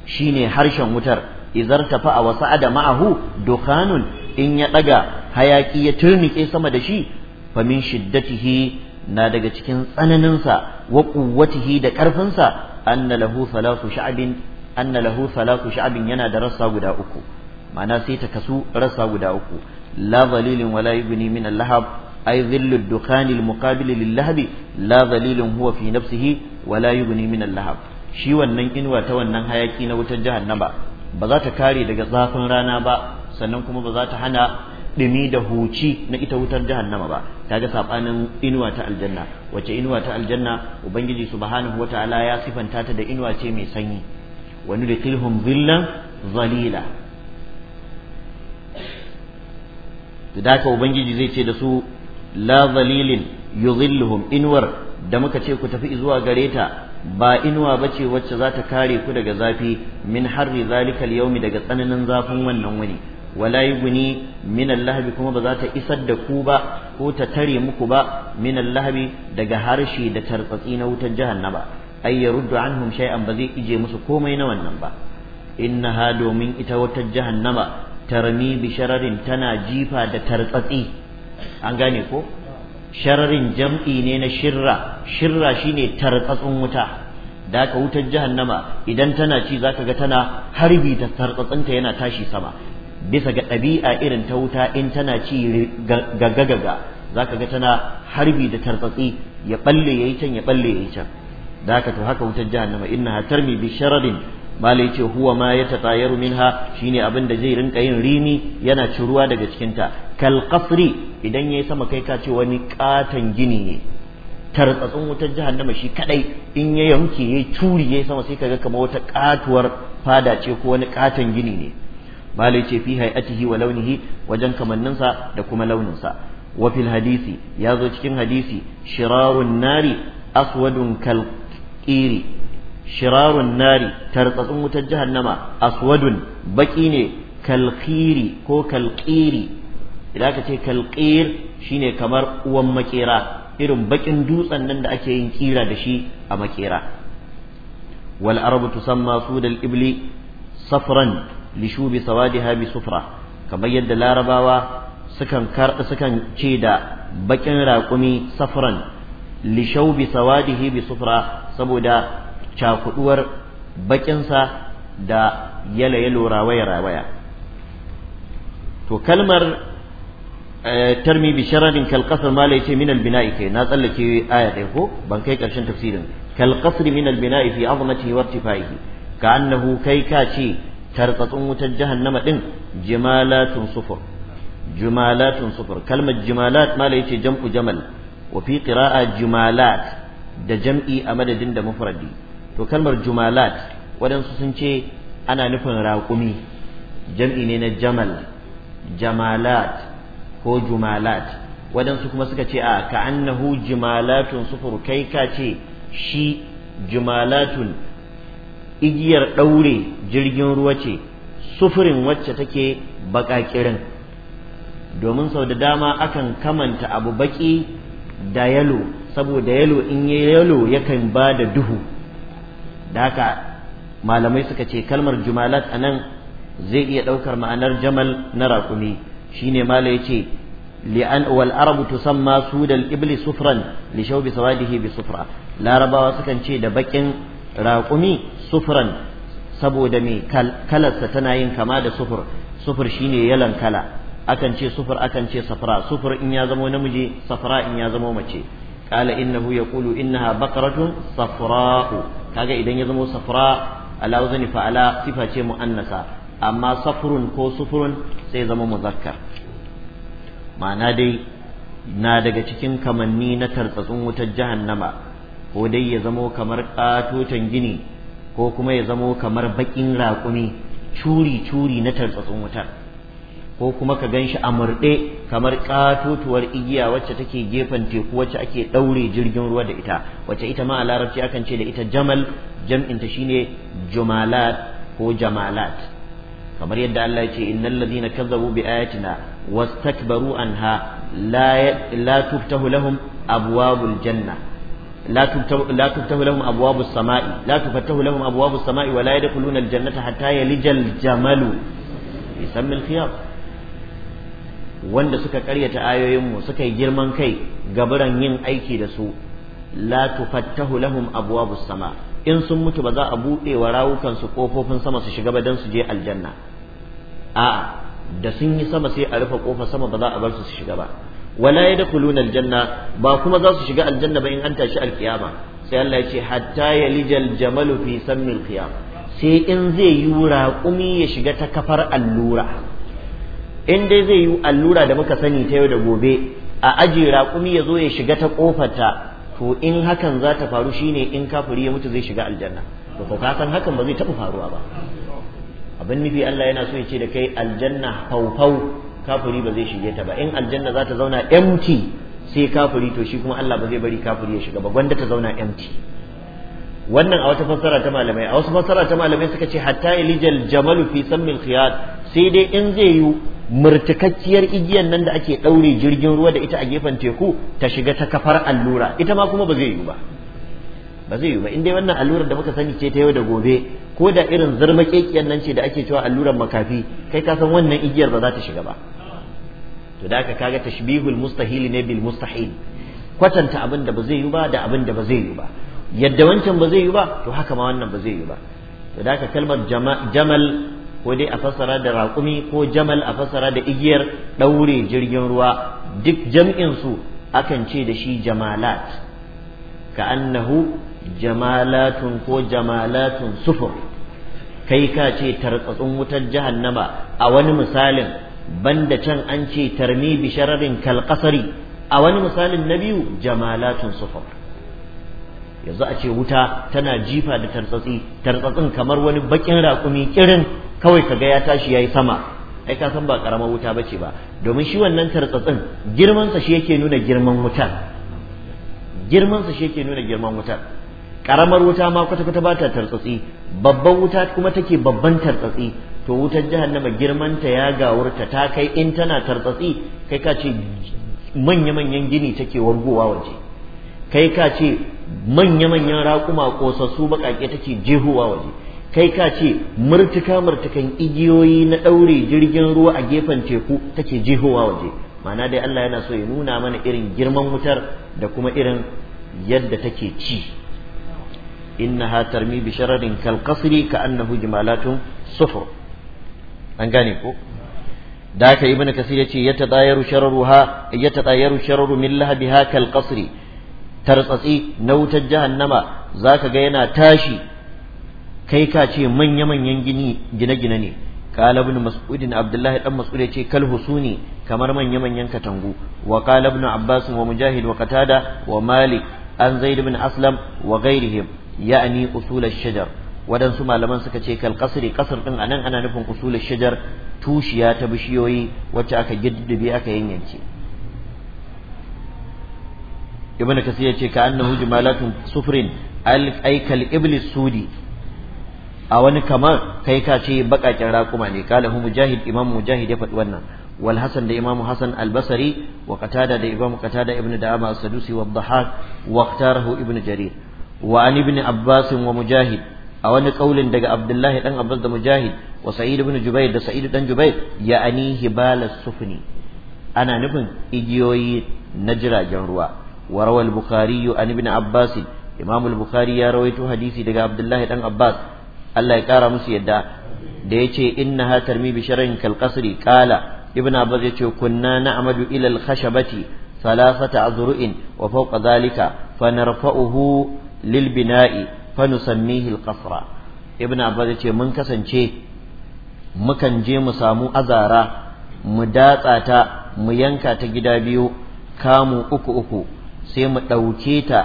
shine harshen wutar izar tafa a wasa'ada ma'ahu dukhanun in ya ɗaga hayaki ya turnike sama da shi fa min shiddatihi na daga cikin tsananinsa wa quwwatihi da karfinsa anna lahu thalathu sha'bin anna lahu thalathu sha'bin yana da rassa guda uku ma'ana sai ta kasu rassa guda uku la dhalilin wala yubni min al-lahab أي ظل الدخان المقابل la لا ظليل هو في wala ولا يغني من اللهب shi wannan inuwa ta wannan hayaki na wutar jahannama ba za ta kare daga zafin rana ba sannan kuma ba za ta hana dumi da huci na ita wutar jahannama ba kaga sabanin inuwa ta aljanna wace inuwa ta aljanna ubangiji subhanahu wataala ya sifanta ta da inuwa ce mai sanyi wa nudkhilhum dhillan zalila da ubangiji zai ce da su la zalilin yuzilluhum inwar da muka ce ku tafi zuwa gare ta ba inuwa bace wacce za ta kare ku daga zafi min harri zalikal yaumi daga tsananin zafin wannan wani wala yughni min kuma ba za ta isar da ku ba ko ta tare muku ba min lahabi daga harshe da tartsatsi na wutar jahannama ay yaruddu anhum shay'an ba zai ije musu komai na wannan ba innaha domin ita wata jahannama tarmi bi shararin tana jifa da tartsatsi an gane ko shararin jam'i ne na shirra shirra shine tartsatsin wuta da aka wutar jahannama idan tana ci zaka ga tana harbi ta yana tashi sama bisa ga ɗabi'a irin ta wuta in tana ci gaga-gaga za ka ga tana harbi da tartsatsi ya balle ya yi can ya balle ya yi can da haka to haka wutar jahannama inna ha tarmi bi sharadin malai ce huwa ma ya ta ha, shi ne abin da zai rinka yin rini yana ci ruwa daga cikinta. ta kal ya idan yayi sama kai ka ce wani katan gini ne tartsatsin wutar jahannama shi kadai in ya yanke yi turi yi sama sai ka ga kamar wata katuwar fada ce ko wani katon gini ne malai ce fi hay'atihi wa launihi wajen kamanninsa da kuma launinsa wa fil hadisi ya zo cikin hadisi shirarun nari aswadun kalqiri shirarun nari tartsatsin wutar jahannama aswadun baki ne kalqiri ko kalƙiri idan aka ce kalqir shine kamar uwan makera irin bakin dutsen nan da ake yin kira da shi a makera wal arabu tusamma sudal ibli safran lishubi sawadiha bi sufra kamar yadda larabawa sukan ce da bakin raƙumi safran lishaubi sawadihi bi sufra saboda cakuɗuwar bakinsa da yala yalo rawaya rawaya to kalmar tarmi bi sharadin kal qasr ma min al bina'i na tsallake aya ɗaya ko ban kai karshen tafsirin kal qasr min al bina'i fi azmatihi wa irtifaihi ka annahu kai ka ce tartsatsun wutar jahannama din jimalatun sufur jimalatun sufur kalmar jimalat mala yace jam'u jamal wa fi qira'a jimalat da jam'i a madadin da mufradi to kalmar jumalat wadansu sun ce ana nufin raƙumi jam'i ne na jamal jamalat ko jumalat wadansu kuma suka ce a ka annahu jimalatun sufur kai ka ce shi jimalatun igiyar ɗaure jirgin ruwa ce sufurin wacce take baka kirin domin sau da dama akan kamanta abu baƙi da yalo saboda yalo in yi yalo yakan ba da duhu da haka malamai suka ce kalmar jumalat a nan zai iya ɗaukar ma'anar jamal na raƙumi shine mala ya ce li'an wal arabu tusamma da ibli sufran li shawbi sawadihi bi sufra larabawa sukan ce da bakin raƙumi sufran saboda mai kalarsa tana yin kama da sufur sufur shine yalan kala akan ce sufur akan ce safra sufur in ya zamo namiji safra in ya zamo mace qala innahu yaqulu innaha baqaratun safra'u kaga idan ya zamo safra ala wazni fa'ala sifa ce muannasa amma safrun ko sufurun sai zama muzakkar ma'ana dai na daga cikin kamanni na tartsatsun wutar jahannama ko dai ya zamo kamar katoton gini ko kuma ya zamo kamar bakin raƙumi curi curi na tartsatsun wutar ko kuma ka gan shi a murɗe kamar ƙatotuwar igiya wacce take gefen teku wacce ake ɗaure jirgin ruwa da ita wacce ita ma a larabci akan ce da ita jamal jam'inta shine jumalat ko jamalat kamar yadda Allah ya ce innal ladhina kazzabu bi ayatina wastakbaru anha la la tuftahu lahum abwabul janna لا تفتح لهم أبواب السماء لا تفتح لهم أبواب السماء ولا يدخلون الجنة حتى يلج الجمل يسمى الخيار wanda suka karyata ayoyinmu suka yi girman kai gabaran yin aiki da su la tufattahu lahum abwabus sama in sun mutu ba za a buɗe wa rawukan su kofofin sama su shiga ba dan su je aljanna a da sun yi sama sai a rufe kofa sama ba za a bar su su shiga ba wala yadkhuluna aljanna ba kuma za su shiga aljanna ba in an tashi alqiyama sai Allah ya ce hatta yalijal jamalu fi sammil alqiyam sai in zai yi raƙumi ya shiga ta kafar allura in dai zai yi allura da muka sani ta yau da gobe a aji raƙumi ya zo ya shiga ta ta to in hakan za ta faru shine in kafiri ya mutu zai shiga aljanna to ko ka san hakan ba zai taɓa faruwa ba abin nufi Allah yana so ya ce da kai aljanna faufau kafiri ba zai shige ta ba in aljanna za ta zauna empty sai kafiri to shi kuma Allah ba zai bari kafiri ya shiga ba gwanda ta zauna empty wannan a wata fassara ta malamai a wasu fassara ta malamai suka ce hatta ilijal jamalu fi sammil khiyat sai dai in zai yi murtukakkiyar igiyar nan da ake daure jirgin ruwa da ita a gefen teku ta shiga ta kafar allura ita ma kuma ba zai yi ba ba zai yi ba in wannan allurar da muka sani ce ta yau da gobe ko da irin zarmakekiyar nan ce da ake cewa allurar makafi kai ka san wannan igiyar ba za ta shiga ba to da ka kaga tashbihul mustahil ne bil mustahil kwatanta abin da ba zai yi ba da abin da ba zai yi ba yadda wancan ba zai yi ba to haka ma wannan ba zai yi ba to da ka kalmar jamal ko dai a fassara da raƙumi ko jamal a fassara da igiyar ɗaure jirgin ruwa duk jam'in su akan ce da shi jamalat ka annahu jamalatun ko jamalatun sufur kai ka ce tarkatsun wutar jahannama a wani misalin banda can an ce tarmi bi shararin kalkasari a wani misalin na biyu jamalatun sufar yanzu a ce wuta tana jifa da tartsatsi tartsatsin kamar wani bakin raƙumi kirin kawai kaga ya tashi yayi sama ai ka san ba karamar wuta bace ba domin shi wannan tartsatsin girman sa shi yake nuna girman wutar girman shi yake nuna girman wutar karamar wuta ma kwata kwata ba ta tartsatsi babban wuta kuma take babban tartsatsi to wutar jahannama girmanta ya gawurta ta kai in tana tartsatsi kai ka ce manya-manyan gini take wargowa waje kai ka ce manya-manyan raƙuma ƙosassu baƙaƙe take jehuwa waje kai ka ce murtuka murtukan igiyoyi na ɗaure jirgin ruwa a gefen teku take jehowa waje ma'ana dai Allah yana so ya nuna mana irin girman wutar da kuma irin yadda take ci innaha tarmi bi shararin kal ka annahu jimalatun sufur an gane ko da haka ibnu kasir yace yatadayaru shararuha yatadayaru shararu min lahabiha kal qasri tartsatsi na wutar jahannama zaka ga yana tashi kai ka ce manya manyan gini gine gine ne qala ibnu mas'ud abdullahi dan mas'ud yace kal husuni kamar manya manyan katangu wa qala abbas wa mujahid wa qatada wa malik an zaid ibn aslam wa ghairihim ya'ni usul ash-shajar waɗansu malaman suka ce kal kasri kasar a anan ana nufin usul shajar tushiya ta bishiyoyi wacce aka giddube aka yanyanke ibn kasir yace ka annahu jumalatun sufrin al aikal iblis sudi a wani kamar kai ka ce bakakin raƙuma ne kala hu mujahid imam mujahid ya faɗi wannan wal hasan da imam hasan al basari wa qatada da imam qatada ibn da'ama as-sadusi wa dhahak wa ibn jarir wa ibn abbas wa mujahid a wani kaulin daga abdullahi dan abbas da mujahid wa sa'id ibn jubair da sa'id dan jubair ya ani hibala sufni ana nufin igiyoyi na jiragen ruwa wa rawal bukhari an ibn abbas imam al-bukhari ya rawaito hadisi daga abdullahi dan abbas Allah ya kara musu yadda da yace innaha tarmi bi sharrin kal qasri qala ibn abbas yace kunna na'madu ila al-khashabati thalathata azru'in wa fawqa dhalika fanarfa'uhu lil bina'i fa nusammihi al-qasra ibn abbas ce mun kasance mukan je mu samu azara mu datsa ta mu yanka ta gida biyu kamu uku uku sai mu ɗauke ta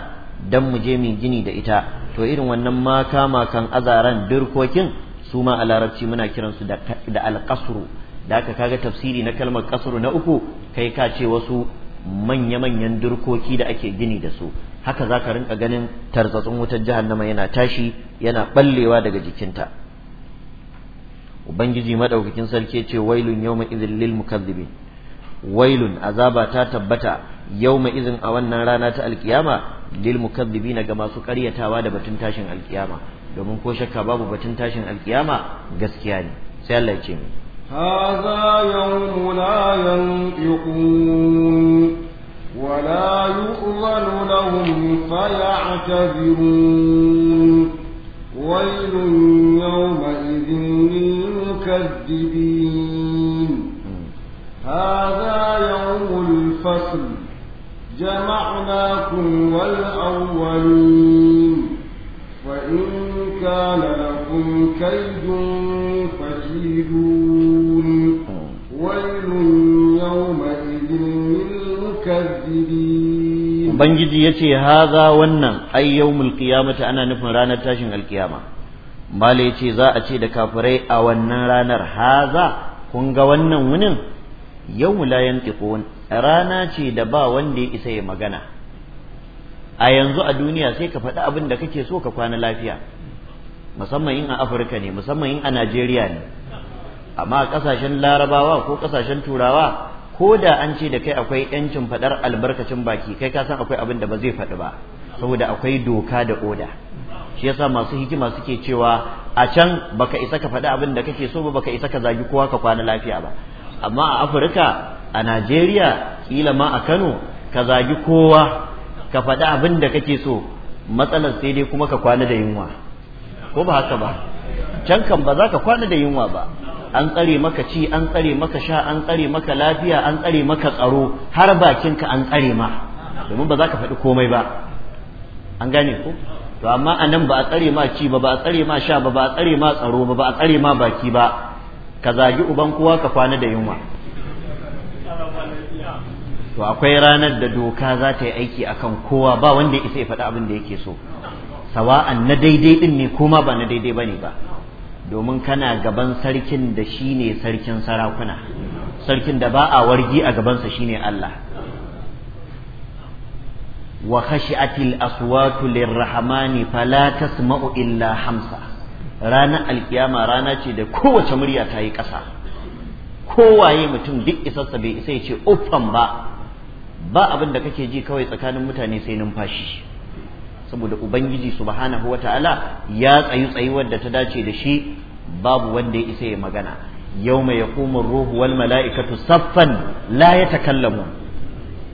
dan mu je mu gini da ita to irin wannan ma kama kan azaran dirkokin su ma a larabci muna kiransu da alƙasru da aka kaga tafsiri na kalmar kasru na uku kai ka ce wasu manya-manyan dirkoki da ake gini da su haka za ka rinka ganin tarzatsun wutar jahannama yana tashi yana ballewa daga jikinta ubangiji maɗaukakin sarki ce wailun yau ma'izin lil mukazzibin wailun azaba ta tabbata yau ma'izin a wannan rana ta alkiyama lil na ga masu karyatawa da batun tashin alkiyama domin ko shakka babu batun tashin alkiyama gaskiya ne sai Allah ya ce mu هذا يوم لا ينطقون ولا يؤذن لهم فيعتذرون ويل يومئذ للمكذبين هذا يوم الفصل جمعناكم والأولين فإن كان لكم كيد فكيدون ويل يومئذ للمكذبين mukazzibin ubangiji yace haza wannan ay yawmul qiyamati ana nufin ranar tashin alkiyama mala yace za a ce da kafirai a wannan ranar haza kun ga wannan wunin yau yantiqun rana ce da ba wanda ya isa ya magana a yanzu a duniya sai ka faɗi abin da kake so ka kwana lafiya musamman in a Afirka ne musamman in a Najeriya ne amma ƙasashen Larabawa ko ƙasashen Turawa ko da an ce da kai akwai yancin faɗar albarkacin baki kai ka san akwai abin da ba zai faɗi ba saboda akwai doka da oda shi yasa masu hikima suke cewa a can baka isa ka faɗi abin da kake so ba baka isa ka zagi kowa ka kwana lafiya ba amma a Afirka a Najeriya kila ma a Kano ka zagi kowa ka faɗi abin da kake so matsalar sai dai kuma ka kwana da yunwa ko ba haka ba can kan ba za ka kwana da yunwa ba an tsare maka ci an tsare maka sha an tsare maka lafiya an tsare maka tsaro har bakinka an tsare ma domin ba za ka faɗi komai ba an gane ko to amma a nan ba a tsare ma ci ba ba a tsare ma sha ba ba a tsare ma tsaro ba ba a tsare ma baki ba ka zagi uban kowa ka kwana da yunwa to akwai ranar da doka za ta yi aiki akan kowa ba wanda ya isa ya faɗi abin da yake so sawa'an na daidai din ne ko ma ba na daidai bane ba domin kana gaban sarkin da shi ne sarkin sarakuna sarkin da ba a wargi a gabansa shi ne Allah wa khashi'atil aswatu lirrahmani fala tasma'u illa hamsa ranar alkiyama rana ce da kowace murya ta yi ƙasa kowaye mutum duk isarsa bai isa ya ce uffan ba ba abin da kake ji kawai tsakanin mutane sai numfashi saboda ubangiji subhanahu wataala ya tsayi tsayuwar da ta dace da shi babu wanda ya isa ya magana yawma yaqumu ruhu wal mala'ikatu saffan la yatakallamu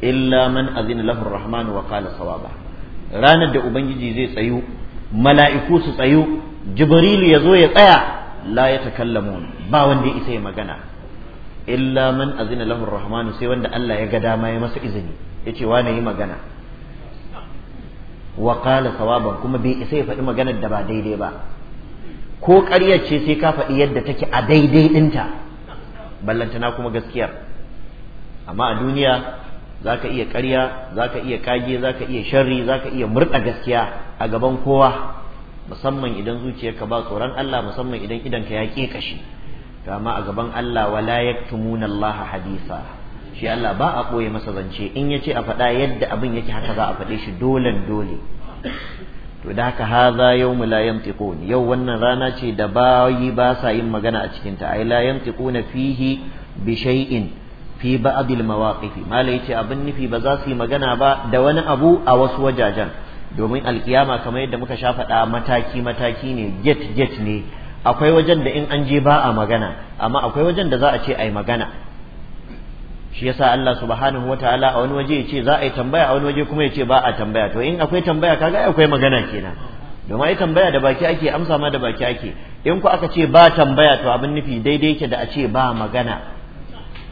illa man azina lahu ar wa qala sawaba ranar da ubangiji zai tsayu mala'iku su tsayu jibrilu ya zo ya tsaya la yatakallamun ba wanda ya isa ya magana illa man azina lahu rahman sai wanda Allah ya ga dama ya masa izini yace wane yi magana wa kala sawaban kuma bai isa ya faɗi maganar da ba daidai ba ko ƙaryar ce sai ka faɗi yadda take a daidai ɗinta ballantana kuma gaskiyar amma a duniya za ka iya ƙarya za ka iya kage za ka iya sharri za ka iya murɗa gaskiya a gaban kowa musamman idan zuciyarka ba tsoron Allah musamman idan idanka ya ƙe kashi to a gaban Allah wala yaktumuna Allah hadisa shi Allah ba a ɓoye masa zance in yace a faɗa yadda abin yake haka za a faɗe shi dole dole to da haka haza yau mu la yantiqun yau wannan rana ce da bayi ba sa yin magana a cikin ta ai la yantiquna fihi bi shay'in fi ba'dil mawaqifi mala yace abin nufi ba za su yi magana ba da wani abu a wasu wajajen domin alkiyama kamar yadda muka sha faɗa mataki mataki ne get get ne akwai wajen da in an je ba a magana amma akwai wajen da za a ce a yi magana shi yasa Allah subhanahu wataala a wani waje yace za a yi tambaya a wani waje kuma yace ba a tambaya to in akwai tambaya kaga akwai magana kenan domin ai tambaya da baki ake amsa ma da baki ake in ku aka ce ba tambaya to abin nufi daidai yake da a ce ba magana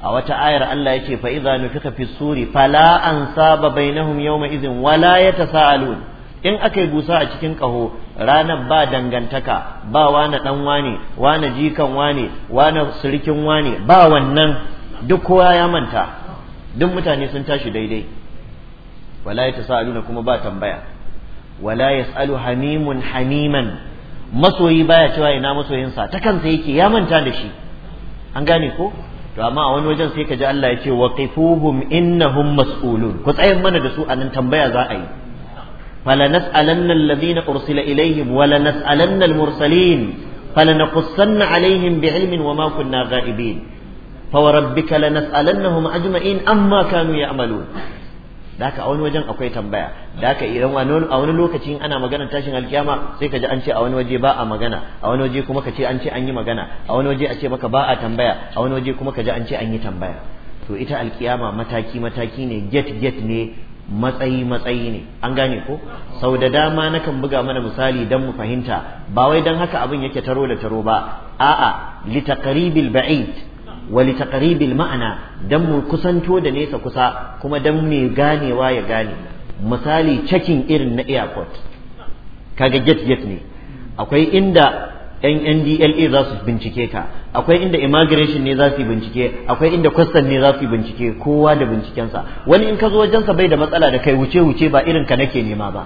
a wata ayar Allah yace fa idza nufika fi suri fala ansaba bainahum yawma idhin wala yatasaalun in aka yi busa a cikin kaho ranar ba dangantaka ba wane ɗan wane wane jikan wane wane surikin wane ba wannan duk kowa ya manta duk mutane sun tashi daidai wala yatasaaluna kuma ba tambaya wala tsalu hamimun hamiman masoyi baya cewa ina masoyinsa ta kansa yake ya manta da shi an gane ko to amma a wani wajen sai ka ji Allah ya ce wa waqifuhum innahum mas'ulun ku tsayin mana da su anan tambaya za a yi فلنسألن الذين أرسل إليهم ولنسألن المرسلين فلنقصن عليهم بعلم وما كنا غائبين فوربك لنسألنهم أجمعين أما كانوا يعملون daka a wani wajen akwai tambaya daka idan a wani lokacin ana magana tashin alkiyama sai ka ji an ce a wani waje ba a magana a wani waje kuma ka ce an ce an yi magana a wani waje a ce maka ba a tambaya a wani waje kuma ka ji an ce an yi tambaya to ita alkiyama mataki mataki ne get get ne matsayi matsayi ne an gane ko sau da dama nakan buga mana misali don mu fahimta ba wai don haka abin yake taro da taro ba a'a litaqribil ba'id wali taqribil ma'ana dan mu kusanto da nesa kusa kuma dan mai ganewa ya gane misali checking irin na airport kaga get get ne akwai inda yan NDLA e za su bincike ka akwai inda immigration ne za su bincike akwai inda custom ne za su bincike kowa da bincikensa wani in ka zo sa bai da matsala da kai wuce wuce ba irin ka nake nema ba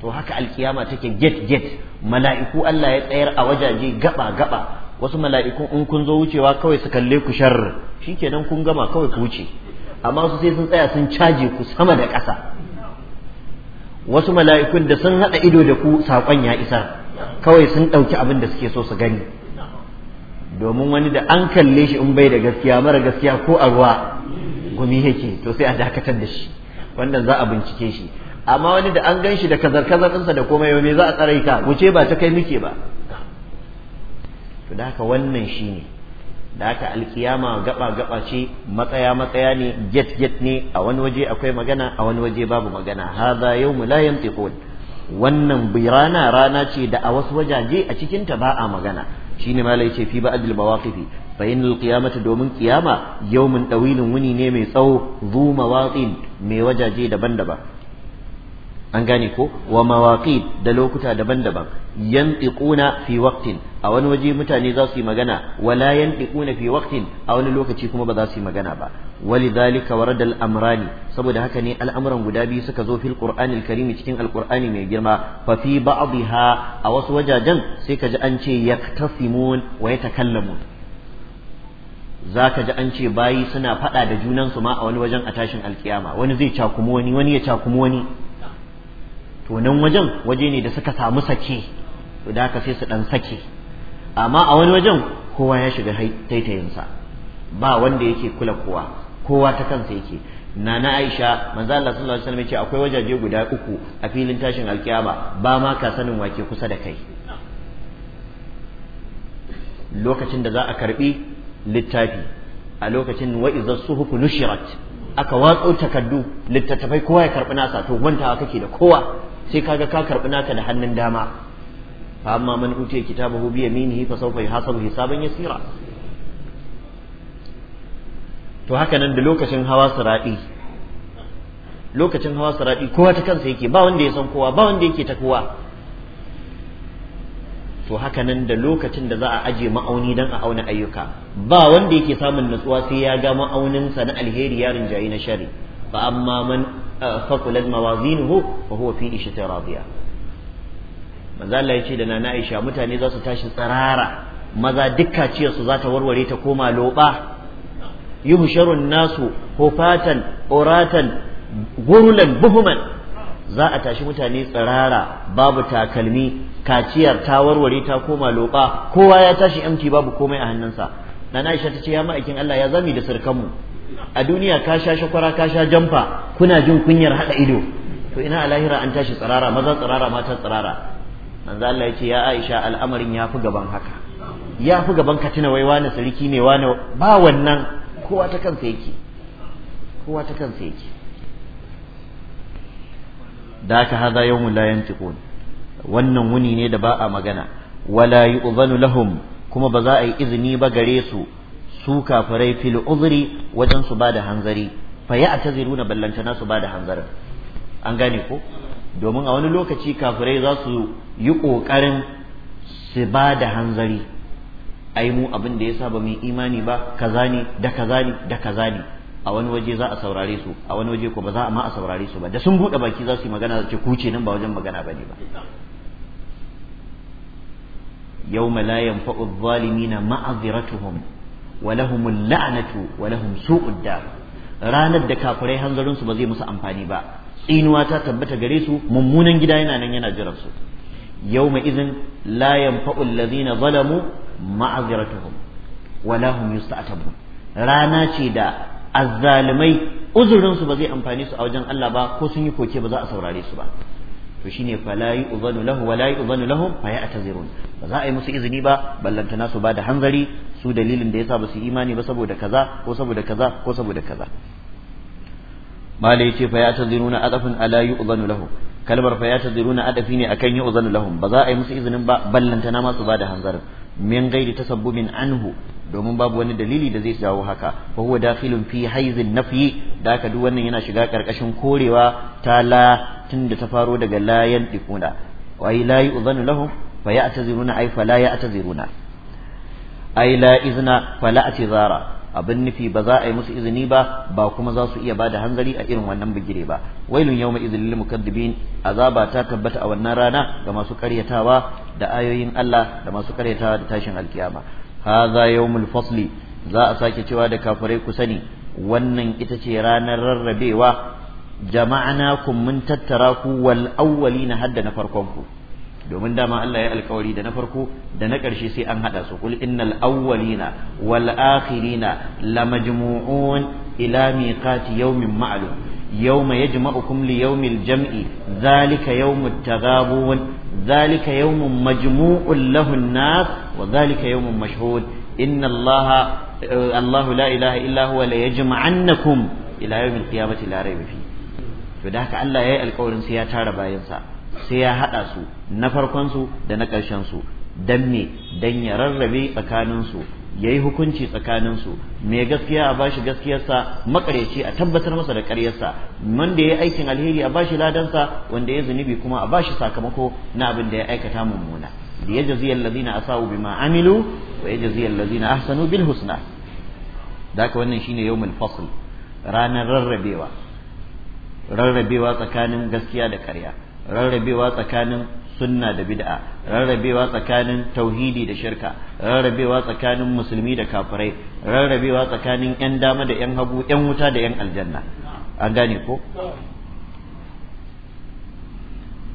to haka alkiyama take get get mala'iku Allah ya tsayar a wajaje gaba gaba wasu mala'ikun in kun zo wucewa kawai su kalle ku sharr shikenan kun gama kawai ku wuce amma su sai sun tsaya sun caje ku sama da ƙasa wasu mala'ikun da sun haɗa ido da ku saƙon ya isa kawai sun ɗauki abin da suke so su gani domin wani da an kalle shi in bai da gaskiya mara gaskiya ko a ruwa gumi yake to sai a dakatar da shi wannan za a bincike shi amma wani da an gan shi da kazar kazar ɗinsa da komai me za a tsare ka wuce ba ta kai muke ba to da haka wannan shine da haka alkiyama gaba gaba ce matsaya matsaya ne get get ne a wani waje akwai magana a wani waje babu magana hadha yawmu la yantiqun wannan birana rana rana ce da a wasu wajaje a cikin ta ba a magana shine malai ce fi ba'dil mawaqifi fa innal qiyamata domin qiyama yawmun dawilun wuni ne mai tsawo zu mawaqin mai wajaje daban-daban an gane ko wa mawaqit da lokuta daban-daban yantiquna fi waqtin a wani waje mutane za su yi magana wala yantiquna fi waqtin a wani lokaci kuma ba za su yi magana ba walidhalika warada al-amrani saboda haka ne al'amuran guda biyu suka zo fil qur'anil karimi cikin alqur'ani mai girma fa fi ba'dha a wasu wajajen sai ka ji an ce yaktasimun wa yatakallamun za ka ji an ce bayi suna faɗa da junansu ma a wani wajen a tashin alkiyama wani zai cakumi wani wani ya cakumi wani to nan wajen waje ne da suka samu sake to da haka sai su dan sake amma a wani wajen kowa ya shiga taitayinsa ba wanda yake kula kowa kowa ta kansa yake nana Aisha manzo Allah sallallahu alaihi wasallam yace akwai wajaje guda uku a filin tashin alkiyama ba ma ka sanin wake kusa da kai lokacin da za a karbi littafi a lokacin wa idza suhufu nushirat aka watso takaddu littattafai kowa ya karbi nasa to mantawa kake da kowa sai kaga ka karbi naka da hannun dama fa amma man utiya kitabahu bi yaminihi fa sawfa yuhasabu hisaban yasira to haka nan da lokacin hawa siradi lokacin hawa siradi kowa ta kansa yake ba wanda ya san kowa ba wanda yake ta kowa to haka nan da lokacin da za a aje ma'auni don a auna ayyuka ba wanda yake samun natsuwa sai ya ga ma'auninsa na alheri ya rinjayi na shari fa amma man faqulat mawazinuhu fa huwa fi ishtin manzo Allah yace da nana Aisha mutane za su tashi tsarara maza dukka ciyar su za ta warware ta koma loba yuhsharun nasu hufatan uratan gurulan buhuman za a tashi mutane tsirara babu takalmi kaciyar ta warware ta koma loba kowa ya tashi amti babu komai a hannunsa nana Aisha ta ce ya ma'aikin Allah ya zami da sirkanmu a duniya ka sha shakwara ka sha jamfa kuna jin kunyar hada ido to ina a lahira an tashi tsirara maza tsirara mata tsirara manzo Allah yace ya Aisha al'amarin ya fi gaban haka ya fi gaban ka tuna wai wani sarki ne wani ba wannan kowa ta kansa yake kowa ta kansa yake da ka hada yawmun la yantiqun wannan wuni ne da ba a magana wala yu'zanu lahum kuma ba za a yi izini ba gare su su kafirai fil uzri wajen su bada hanzari fa ya ataziruna ballantana su bada hanzarin an gane ko domin a wani lokaci kafirai za su yi kokarin su bada hanzari ai mu abin da yasa ba mu imani ba kaza ne da kaza ne da kaza ne a wani waje za a saurare su a wani waje ko ba za a ma a saurare su ba da sun buɗe baki za su yi magana da ce kuce nan ba wajen magana ba ne ba yawma la yanfa'u adh-dhalimina ma'adhiratuhum wa lahumul la'natu wa lahum ranar da kafirai hanzarin su ba zai musu amfani ba tsinuwa ta tabbata gare su mummunan gida yana nan yana jiran su mai izin la yanfa'u alladhina zalamu ma'aziratuhum wa lahum yusta'tabun rana ce da azzalimai uzurinsu ba zai amfani su a wajen Allah ba ko sun yi koke ba za a saurare su ba to shine fala yu'zanu lahu wa la yu'zanu lahum fa ya'tazirun ba za a yi musu izini ba ballanta nasu ba da hanzari su dalilin da yasa ba su imani ba saboda kaza ko saboda kaza ko saboda kaza malai ce fa ya'taziruna adafun ala yu'zanu lahum kalmar fa ya taziruna adafi ne akan yi uzan lahum ba za a yi musu izinin ba ballantana na masu ba da hanzarin min gairi tasabbubin anhu domin babu wani dalili da zai jawo haka fa huwa dakhilun fi haizin nafyi da haka duk wannan yana shiga karkashin korewa ta la da ta faro daga la yantiquna wa ay la yu'zanu lahum fa ya'taziruna ay fa la ya'taziruna ay la izna fa la atizara abin nufi ba za a yi musu izini ba ba kuma za su iya bada hanzari a irin wannan bigire ba wailun yawma idhil lil mukaddibin azaba ta tabbata a wannan rana ga masu karyatawa da ayoyin Allah da masu karyatawa da tashin alkiyama hadha yawmul fasli za a sake cewa da kafirai ku sani wannan ita ce ranar rarrabewa jama'ana kun mun tattara ku wal awwalina hadda na farkon ku domin dama Allah ya alkawari da na farko da na ƙarshe sai an haɗa su kul innal awwalina wal akhirina lamajmu'un ila miqati yawmin ma'lum yawma yajma'ukum li yawmil jam'i zalika yawmut taghabun zalika yawmun majmu'un lahu an-nas wa zalika yawmun mashhud inna Allah eh, Allah la ilaha illa huwa la yajma'annakum ila yawmil qiyamati la rayba fi to da haka Allah ya yi alkawarin sai ya tara bayansa sai ya haɗa su na farkon su da na ƙarshen su dan me dan ya rarrabe tsakanin su yayi hukunci tsakanin su mai gaskiya a bashi gaskiyarsa makareci a tabbatar masa da ƙaryarsa wanda yi aikin alheri a bashi ladansa wanda ya zunubi kuma a bashi sakamako na abin da ya aikata mummuna liyajzi alladhina asawu bima amilu wa yajzi alladhina ahsanu bil husna daka wannan shine yawmul fasl ranar rarrabewa rarrabewa tsakanin gaskiya da ƙarya rarrabewa tsakanin sunna da bid'a rarrabewa tsakanin tauhidi da shirka rarrabewa tsakanin musulmi da kafirai rarrabewa tsakanin yan dama da yan hagu yan wuta da yan aljanna an gane ko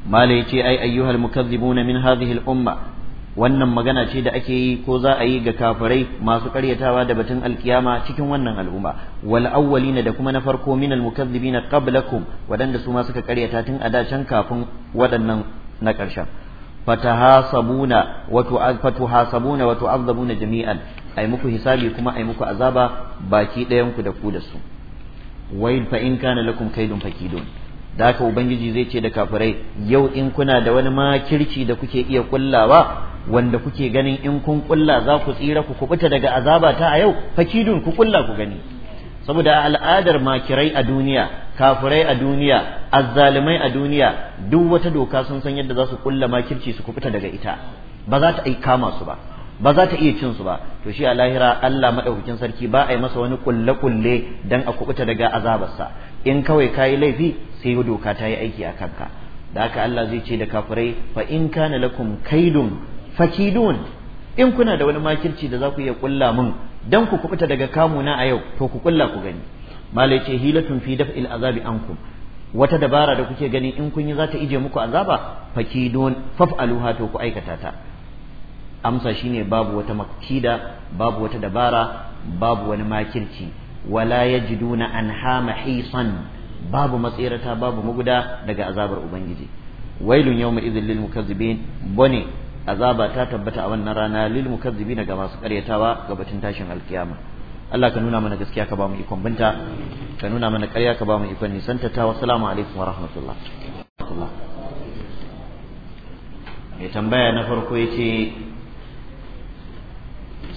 mala yace ai ayyuhal mukazzibuna min hadhihi al umma wannan magana ce da ake yi ko za a yi ga kafirai masu karyatawa da batun alkiyama cikin wannan al'umma wal ne da kuma na farko min al mukazzibina qablakum wadanda su ma suka karyata tun a da can kafin waɗannan na ƙarshen fatahasabuna wa fatuhasabuna wato tu'adzabuna jami'an ai muku hisabi kuma ai muku azaba baki ɗayan ku da ku da su wai fa in kana lakum kaidun fakidun da haka ubangiji zai ce da kafirai yau in kuna da wani makirci da kuke iya kullawa wanda kuke ganin in kun kulla za ku tsira ku kubuta daga azaba ta a yau fakidun ku kulla ku gani saboda al'adar makirai a duniya kafirai a duniya azzalimai a duniya duk wata doka sun san yadda za su kulla makirci su kubuta daga ita ba za ta aika masu ba ba za ta iya cin su ba to shi a lahira Allah madaukakin sarki ba a yi masa wani kulle kulle dan a kubuta daga azabarsa in kawai kayi laifi sai doka ta yi aiki a kanka da haka Allah zai ce da kafirai fa in kana lakum kaidun fakidun in kuna da wani makirci da za ku iya kulla mun dan ku kubuta daga kamuna a yau to ku kulla ku gani malai ce hilatun fi daf'il azabi ankum wata dabara da kuke gani in kun yi za ta ije muku azaba fakidun faf'aluha to ku aikata ta amsa shine babu wata makida babu wata dabara babu wani makirci wala yajiduna anha mahisan babu matsirata babu muguda daga azabar ubangiji wailun yawma idhil lil mukazzibin bone azaba ta tabbata a wannan rana lil mukazzibina ga masu karyatawa ga batun tashin alkiyama Allah ka nuna mana gaskiya ka ba mu ikon binta ka nuna mana ƙarya ka ba mu ikon nisanta ta wassalamu alaikum wa rahmatullah mai tambaya na farko yace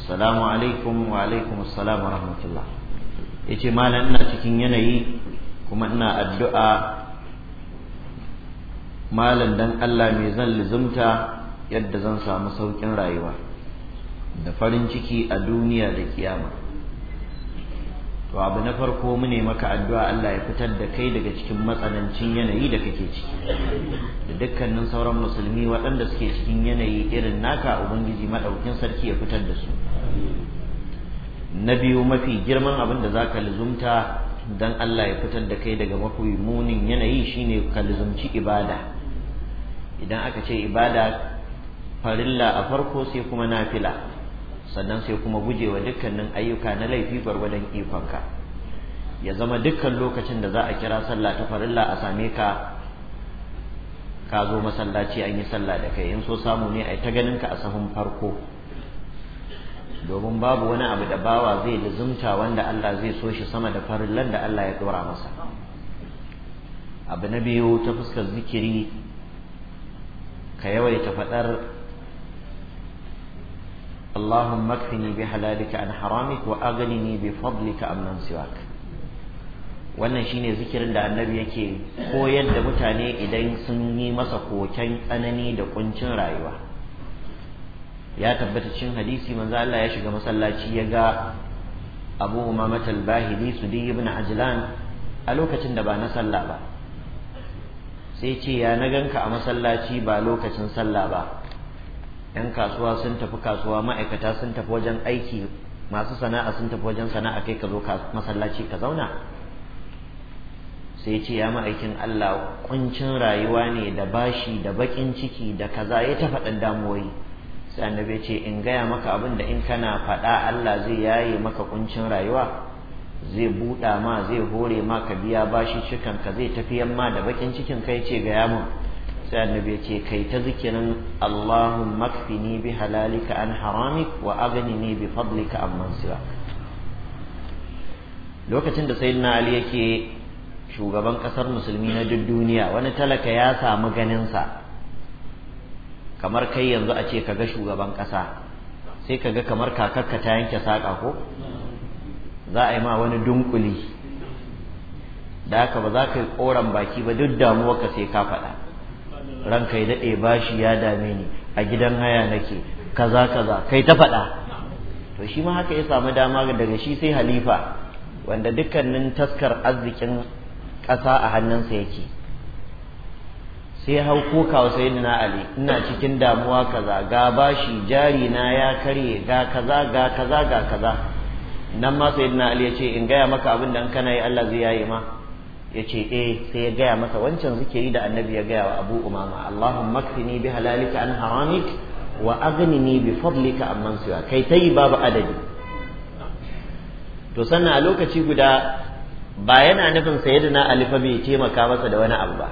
assalamu alaikum wa alaikum assalam wa rahmatullah yace malam ina cikin yanayi kuma ina addu'a malam dan Allah mai zan lizumta yadda zan samu saukin rayuwa da farin ciki a duniya da kiyama to abu na farko mune maka addu'a Allah ya fitar da kai daga cikin matsanancin yanayi da kake ciki da dukkanin sauran musulmi waɗanda suke cikin yanayi irin naka ubangiji maɗaukin sarki ya fitar da su na biyu mafi girman abin da zaka ka lizumta don Allah ya fitar da kai daga mafi munin yanayi shine ka lizumci ibada idan aka ce ibada farilla a farko sai kuma nafila sannan sai kuma gujewa dukkanin ayyuka na laifi bar gwargwadon ikonka ya zama dukkan lokacin da za a kira sallah ta farilla a same ka ka zo masallaci an yi sallah da kai in so samu ne a ta ganin ka a sahun farko domin babu wani abu da bawa zai lizumta wanda Allah zai so shi sama da farillan da Allah ya dora masa abu na biyu ta fuskar zikiri ka yawaita faɗar اللهم اكفني بحلالك عن حرامك واغنني بفضلك من سواك wannan shine zikirin da annabi yake koyar da mutane idan sun yi masa koken tsanani da kuncin rayuwa ya tabbata cin hadisi manzo Allah ya shiga masallaci ya ga Abu Umamah al-Bahili Sudi ibn Ajlan a lokacin da ba na sallah ba sai ce ya na ganka a masallaci ba lokacin sallah ba 'yan kasuwa sun tafi kasuwa ma'aikata sun tafi wajen aiki masu sana'a sun tafi wajen sana'a kai ka zo masallaci ka zauna sai ce ya ma'aikin Allah kuncin rayuwa ne da bashi da bakin ciki da kaza ya ta faɗin damuwoyi sai annabi ce in gaya maka abin da in kana faɗa Allah zai yaye maka kuncin rayuwa zai buɗa ma zai hore ma ka biya bashi cikan ka zai tafi yamma da bakin cikin kai ce gaya mun sai annabi ya ce kai ta zikirin Allahumma kfini bi halalika an haramik wa ni bi fadlika an mansira lokacin da sayyidina Ali yake shugaban kasar musulmi na duk duniya wani talaka ya samu ganinsa kamar kai yanzu a ce kaga shugaban kasa sai kaga kamar kakakka ta yanke saƙa ko za a yi ma wani dunkuli da haka ba za ka yi koren baki ba duk damuwa ka sai ka faɗa ranka ya daɗe bashi ya dame ni a gidan haya nake kaza kaza kai ta faɗa to shi ma haka ya samu dama daga shi sai halifa wanda dukkanin taskar arzikin ƙasa a hannunsa yake sai hau koka wa sai na ali ina cikin damuwa kaza ga bashi jari na ya karye ga kaza ga kaza ga kaza nan ma sai na ali ya ce in gaya maka abin da kana yi Allah zai yayi ma Ya ce eh sai ya gaya masa wancan zikiri da annabi ya gaya wa abu umama allahumma kfini bi halalika an haramik wa aghnini bi fadlika amman siwa kai tayi babu adadi to sannan a lokaci guda ba yana nufin sayyidina ali fa bai taimaka masa da wani abu ba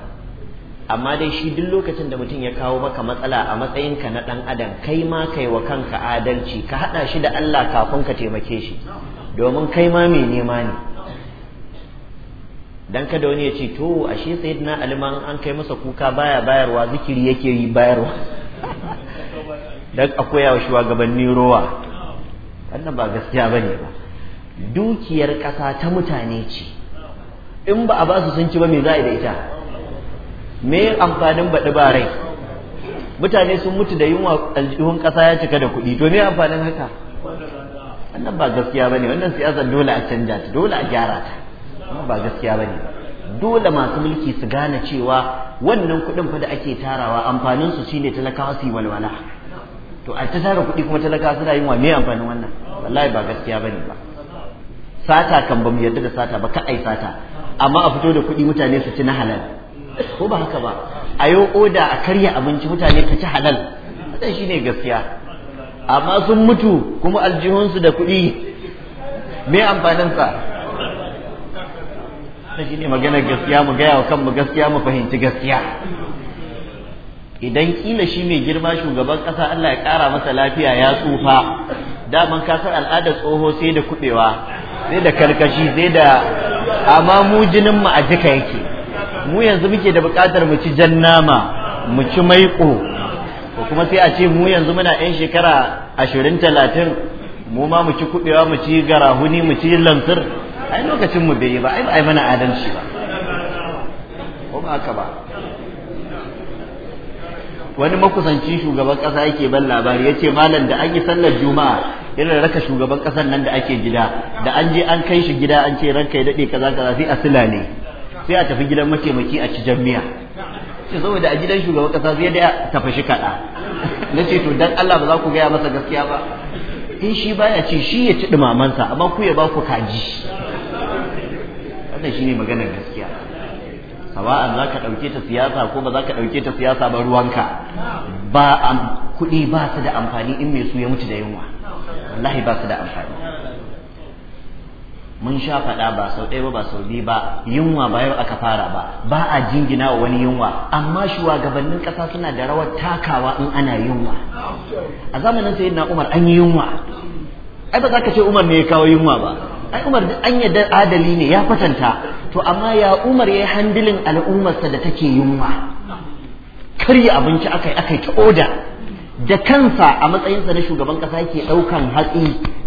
amma dai shi duk lokacin da mutum ya kawo maka matsala a matsayinka na dan adam kai ma kai wa kanka adalci ka hada shi da Allah kafin ka taimake shi domin kai ma mai nema ne dan kada wani ya ce to ashe sayyidina ali ma an kai masa kuka baya bayarwa zikiri yake yi bayarwa [laughs] dan akwai yawa shugabanni rowa wannan ba gaskiya bane ba dukiyar ƙasa ta mutane ce in ba a ba su sun ci ba me za a yi da ita me amfanin baɗi ba rai mutane sun mutu da yunwa aljihun ƙasa ya cika da kuɗi to me amfanin haka wannan ba gaskiya bane wannan siyasar dole a canja ta dole a gyara ta ba gaskiya bane dole masu mulki su gane cewa wannan kuɗin fa da ake tarawa amfanin su shine talakawa su walwala to a ta tara kuɗi kuma talakawa suna yin wa me amfanin wannan wallahi ba gaskiya bane ba sata kan bamu yarda da sata ba ka ai sata amma a fito da kuɗi mutane su ci na halal ko ba haka ba a yi oda a karya abinci mutane ta ci halal wannan shine gaskiya amma sun mutu kuma aljihunsu da kuɗi me amfanin sa shi ne maganar gaskiya mu gaya wa kanmu gaskiya mu fahimci gaskiya idan kila shi mai girma shugaban ƙasa Allah ya ƙara masa lafiya ya tsufa daman ka san al'adar tsoho sai da kuɓewa sai da karkashi sai da amma mu jinin mu a jika yake mu yanzu muke da buƙatar mu ci jan nama mu ci maiƙo ko kuma sai a ce mu yanzu muna 'yan shekara ashirin talatin mu ma mu ci kuɓewa mu ci garahuni mu ci lansir ai lokacin mu bai yi ba ai ba ai mana adalci ba ko ba ka ba wani makusanci shugaban kasa yake ban labari yace malam da an yi sallar juma'a irin raka shugaban kasar nan da ake gida da an je an kai shi gida an ce ranka ya dade kaza kaza sai a ne, sai a tafi gidan mataimaki a ci jami'a ce saboda a gidan shugaban kasa sai da tafashi kaɗa na ce to dan Allah ba za ku gaya masa gaskiya ba in shi baya ci shi ya ci dumamansa amma ku ya ba ku kaji wannan shine maganar gaskiya sawa'an zaka ka ta siyasa ko ba za ka ta siyasa ba ruwanka ba kuɗi ba su da amfani in mai su ya mutu da yunwa wallahi ba su da amfani mun sha faɗa ba sau ɗaya ba ba sau biyu ba yunwa ba yau aka fara ba ba a jingina wa wani yunwa amma shugabannin ƙasa suna da rawar takawa in ana yunwa a zamanin sayyidina umar an yi yunwa ai ba za ka ce umar ne ya kawo yunwa ba ai Umar duk an yadda adali ne ya kwatanta to amma ya Umar yayi handilin al'ummarsa da take yunwa karya abinci akai akai ta oda da kansa a matsayinsa na shugaban kasa yake daukan hatsi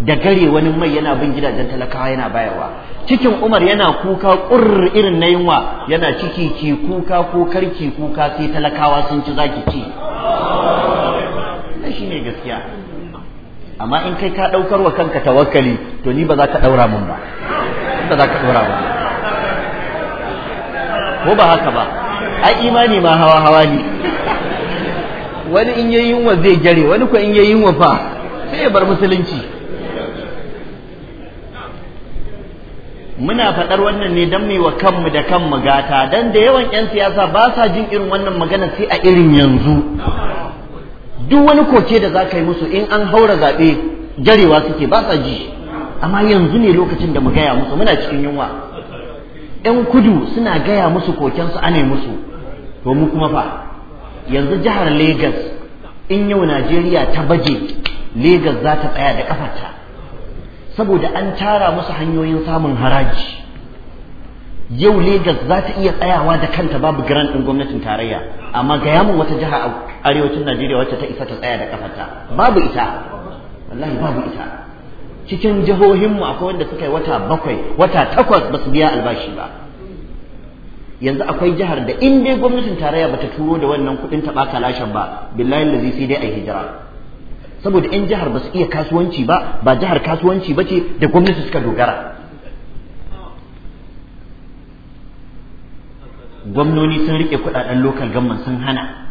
da gare wani mai yana bin gidajen talakawa yana bayarwa cikin Umar yana kuka kurr irin na yunwa yana ciki ki kuka ko karki kuka sai talakawa sun ci zaki ci shi ne gaskiya amma in kai ka ɗaukar wa kanka tawakkali to ni ba za ka ɗaura mun ba ba za ka mun ba ko ba haka ba ai imani ma hawa hawa ne wani in yayin wa zai jare wani ko in yayin wa fa sai ya bar musulunci muna faɗar wannan ne don mai wa kanmu da kanmu gata don da yawan 'yan siyasa ba sa jin irin wannan magana sai a irin yanzu duk wani koke da za ka yi musu in an haura zaɓe jarewa suke ba sa ji amma yanzu ne lokacin da mu gaya musu muna cikin yunwa yan kudu suna gaya musu kokensu ane musu to mu kuma fa yanzu jihar Legas in yau Najeriya ta baje Legas za ta tsaya da kafarta saboda an tara musu hanyoyin samun haraji yau Legas za ta iya tsayawa da kanta babu giran ɗin gwamnatin tarayya amma ga yamin wata jiha a arewacin Najeriya wacce ta isa ta tsaya da kafarta babu ita wallahi babu ita cikin jihohinmu akwai wanda suka yi wata bakwai wata takwas ba su biya albashi ba yanzu akwai jihar da in dai gwamnatin tarayya bata turo da wannan kuɗin ta ɓata lashen ba billahi lazi sai dai a hijira saboda in jihar ba su iya kasuwanci ba ba jihar kasuwanci ba ce da gwamnati suka dogara gwamnoni sun rike kudaden local government sun hana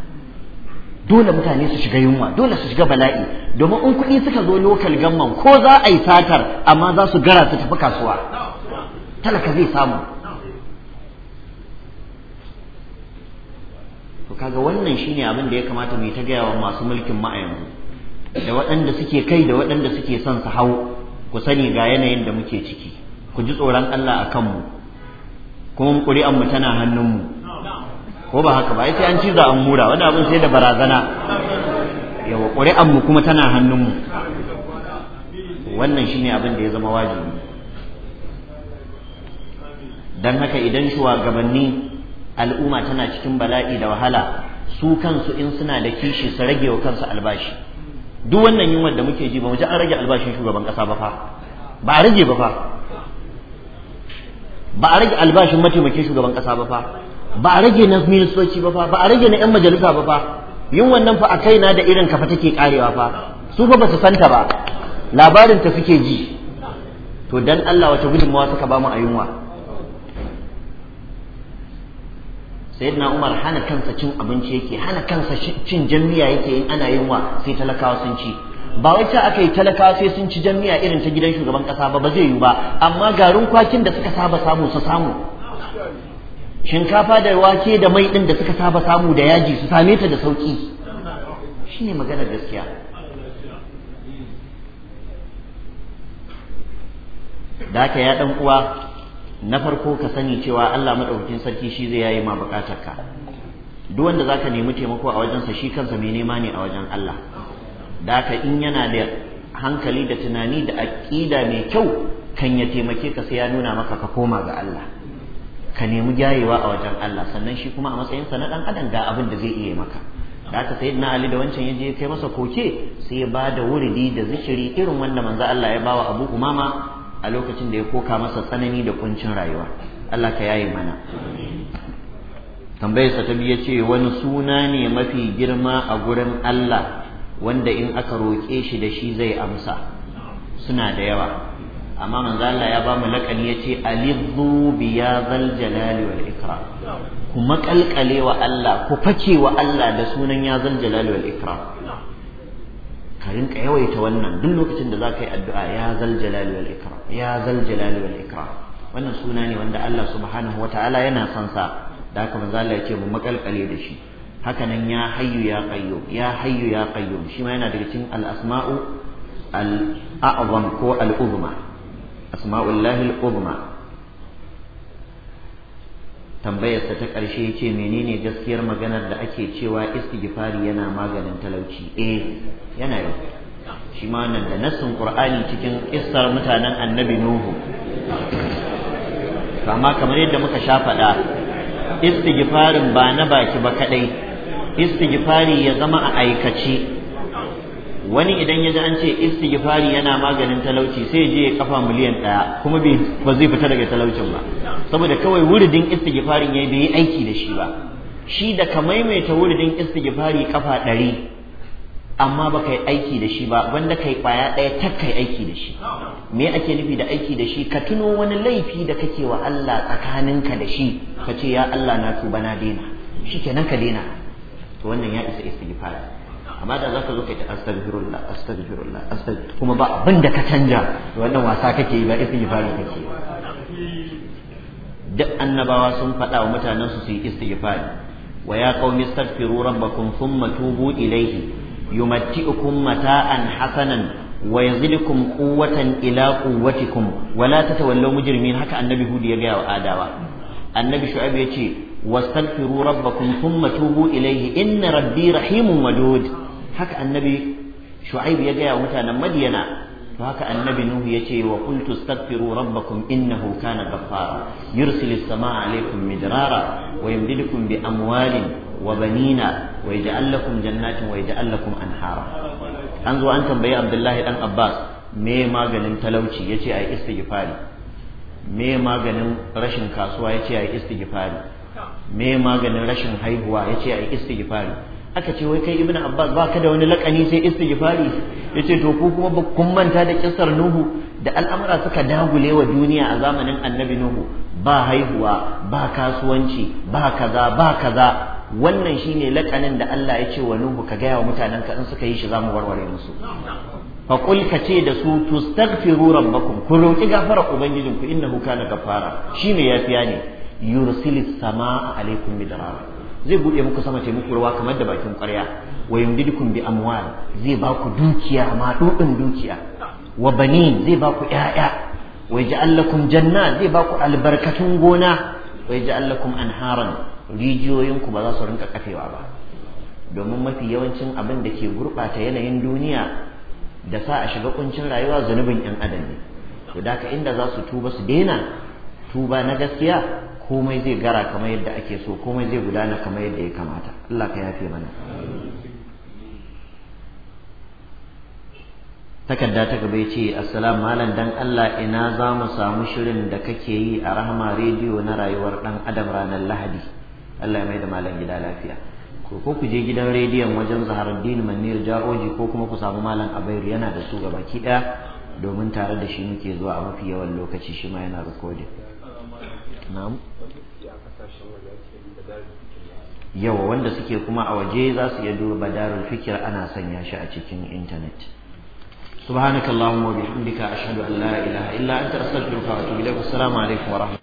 dole mutane su shiga yunwa dole su shiga bala'i domin in kuɗi suka zo local government ko za a yi satar amma za su gara su tafi kasuwa talaka zai samu to kaga wannan shine abin da ya kamata mu yi ta gaya wa masu mulkin ma'ayanzu da waɗanda suke kai da waɗanda suke son su hau ku sani ga yanayin da muke ciki ku ji tsoron Allah a kanmu kuma ƙuri'an mu tana hannunmu ko ba haka ba sai an ciza an mura wani abin sai da barazana yawa ƙuri'an mu kuma tana hannunmu wannan shine abin da ya zama wajibi dan haka idan shugabanni al'umma tana cikin bala'i da wahala su kansu in suna da kishi su rage wa kansu albashi duk wannan yunwar da muke ji ba mu ji an rage albashin shugaban ƙasa ba fa ba a rage ba fa ba a rage albashin mataimakin shugaban kasa ba fa ba a rage na ministoci ba fa ba a rage na yan majalisa ba fa yin wannan fa a kaina da irin kafa take karewa fa su fa basu santa ba labarin ta suke ji to dan Allah wata gudunmawa suka ba mu a yunwa sayyidina Umar hana kansa cin abinci yake hana kansa cin jami'a yake in ana yunwa sai talakawa sun ci ba wai ta aka yi talaka sai sun ci jami'a irin ta gidan shugaban kasa ba ba zai yi ba amma garin kwakin da suka saba samu su samu shinkafa da wake da mai din da suka saba samu da yaji su same ta da sauki shine maganar gaskiya da haka ya dan uwa na farko ka sani cewa Allah madaukakin sarki shi zai yayi ma bukatarka duk wanda zaka nemi taimako a wajensa shi kansa mai nema ne a wajen Allah da in yana da hankali da tunani da aƙida mai kyau kan ya taimake ka sai ya nuna maka ka koma ga Allah ka nemi jayewa a wajen Allah sannan shi kuma a matsayinsa na ɗan adam ga abin da zai iya maka da aka sai na Ali da wancan ya je kai masa koke sai ya ba da wuridi da zikiri irin wanda manzo Allah ya bawa Abu Umama a lokacin da ya koka masa tsanani da kuncin rayuwa Allah ka yaye mana tambayarsa ta ya ce wani suna ne mafi girma a gurin Allah wanda in aka roƙe shi da shi zai amsa suna da yawa amma manzo Allah ya ba mu ya ce alidhu bi ya zal jalali wal ikram ku makalkale wa Allah ku fake wa Allah da sunan ya zal jalali wal ikram ka rinka yawaita wannan duk lokacin da zaka yi addu'a ya zal jalali wal ikram ya zal jalali wal ikram wannan suna ne wanda Allah subhanahu ta'ala yana son sa da haka manzo Allah ce mu makalkale da shi haka nan ya hayyu ya qayyum ya hayyu ya qayyum shi ma yana daga cikin al-asma'u al-a'zam ko al-uzma asma'ullahi al-uzma tambayar ta karshe yace menene gaskiyar maganar da ake cewa istighfari yana maganin talauci eh yana yau shi ma nan da nassin qur'ani cikin kissar mutanen annabi nuhu amma kamar yadda muka sha faɗa istighfarin ba na baki ba kadai istighfari ya zama a aikace wani idan ya ji an ce istighfari yana maganin talauci sai je ya kafa miliyan ɗaya kuma ba zai fita daga talaucin ba saboda kawai wuridin istighfarin yayi bai aiki da shi ba shi da ka maimaita wuridin istighfari kafa ɗari amma ba kai aiki da shi ba wanda kai kwaya ɗaya ta kai aiki da shi me ake nufi da aiki da shi ka tuno wani laifi da kake wa Allah tsakaninka da shi ka ce ya Allah na tuba na daina shikenan ka daina to wannan ya isa istighfari amma da zaka zo kai ta astaghfirullah astaghfirullah astaghfirullah kuma ba abin da ka canja wannan wasa kake yi ba istighfari kake yi duk annabawa sun faɗa wa mutanen su su yi istighfari wa ya qaumi astaghfiru rabbakum thumma tubu ilayhi yumatti'ukum mata'an hasanan wa yazidukum quwwatan ila quwwatikum wa la tatawallaw mujrimin haka annabi hud ya ga wa adawa annabi shu'aib ya ce واستغفروا ربكم ثم توبوا إليه إن ربي رحيم ودود هكا النبي شعيب يجي ومتانا مدينا فهكا النبي نوح يجي وقلت استغفروا ربكم إنه كان غفارا يرسل السماء عليكم مدرارا ويمددكم بأموال وبنين ويجعل لكم جنات ويجعل لكم أنهارا أنظر أنتم بي عبد الله بن عباس me maganin talauci yace ai istighfari me maganin rashin kasuwa yace ai istighfari me maganin rashin haihuwa ya ce a yi istighfari aka ce wai kai ibnu abbas ba ka da wani lakani sai istighfari ya ce to ku kuma kun manta da kisar nuhu da al'amura suka dagule wa duniya a zamanin annabi nuhu ba haihuwa ba kasuwanci ba kaza ba kaza wannan shine lakanin da Allah ya ce wa nuhu ka gaya wa mutanen ka in suka yi shi zamu warware musu fa qul ka ce da su tustaghfiru rabbakum ku roki gafara ubangijinku innahu kana gafara shine yafiya ne yursilis samaa alaikum midrar zai bude muku sama ce muku ruwa kamar da bakin ƙarya wa bi amwal zai ba ku dukiya ma dudin dukiya wa bani zai ba ku ƴaƴa wa janna zai ba ku albarkatun gona wa anharan rijiyoyinku ba za su rinka kafewa ba domin mafi yawancin abin da ke gurɓata yanayin duniya da sa a shiga kuncin rayuwa zunubin 'yan adam ne to da inda za su tuba su daina tuba na gaskiya komai zai gara kamar yadda ake so komai zai gudana kamar yadda ya kamata Allah ka yafe mana takarda ta gaba ce assalamu malam dan Allah ina za mu samu shirin da kake yi a rahama rediyo na rayuwar dan adam ranar lahadi Allah ya mai da malam gida lafiya ko ko ku je gidan rediyon wajen Zaharuddin Manir Jaroji ko kuma ku samu malam Abairu yana da su ki daya domin tare da shi muke zuwa a mafi yawan lokaci shi ma yana recording na'am yawa wanda suke kuma a waje za su iya duba darul fikir ana sanya shi a cikin intanet subhanakallahumma wa bihamdika ashhadu an la ilaha illa anta astaghfiruka wa atubu ilaik assalamu alaikum wa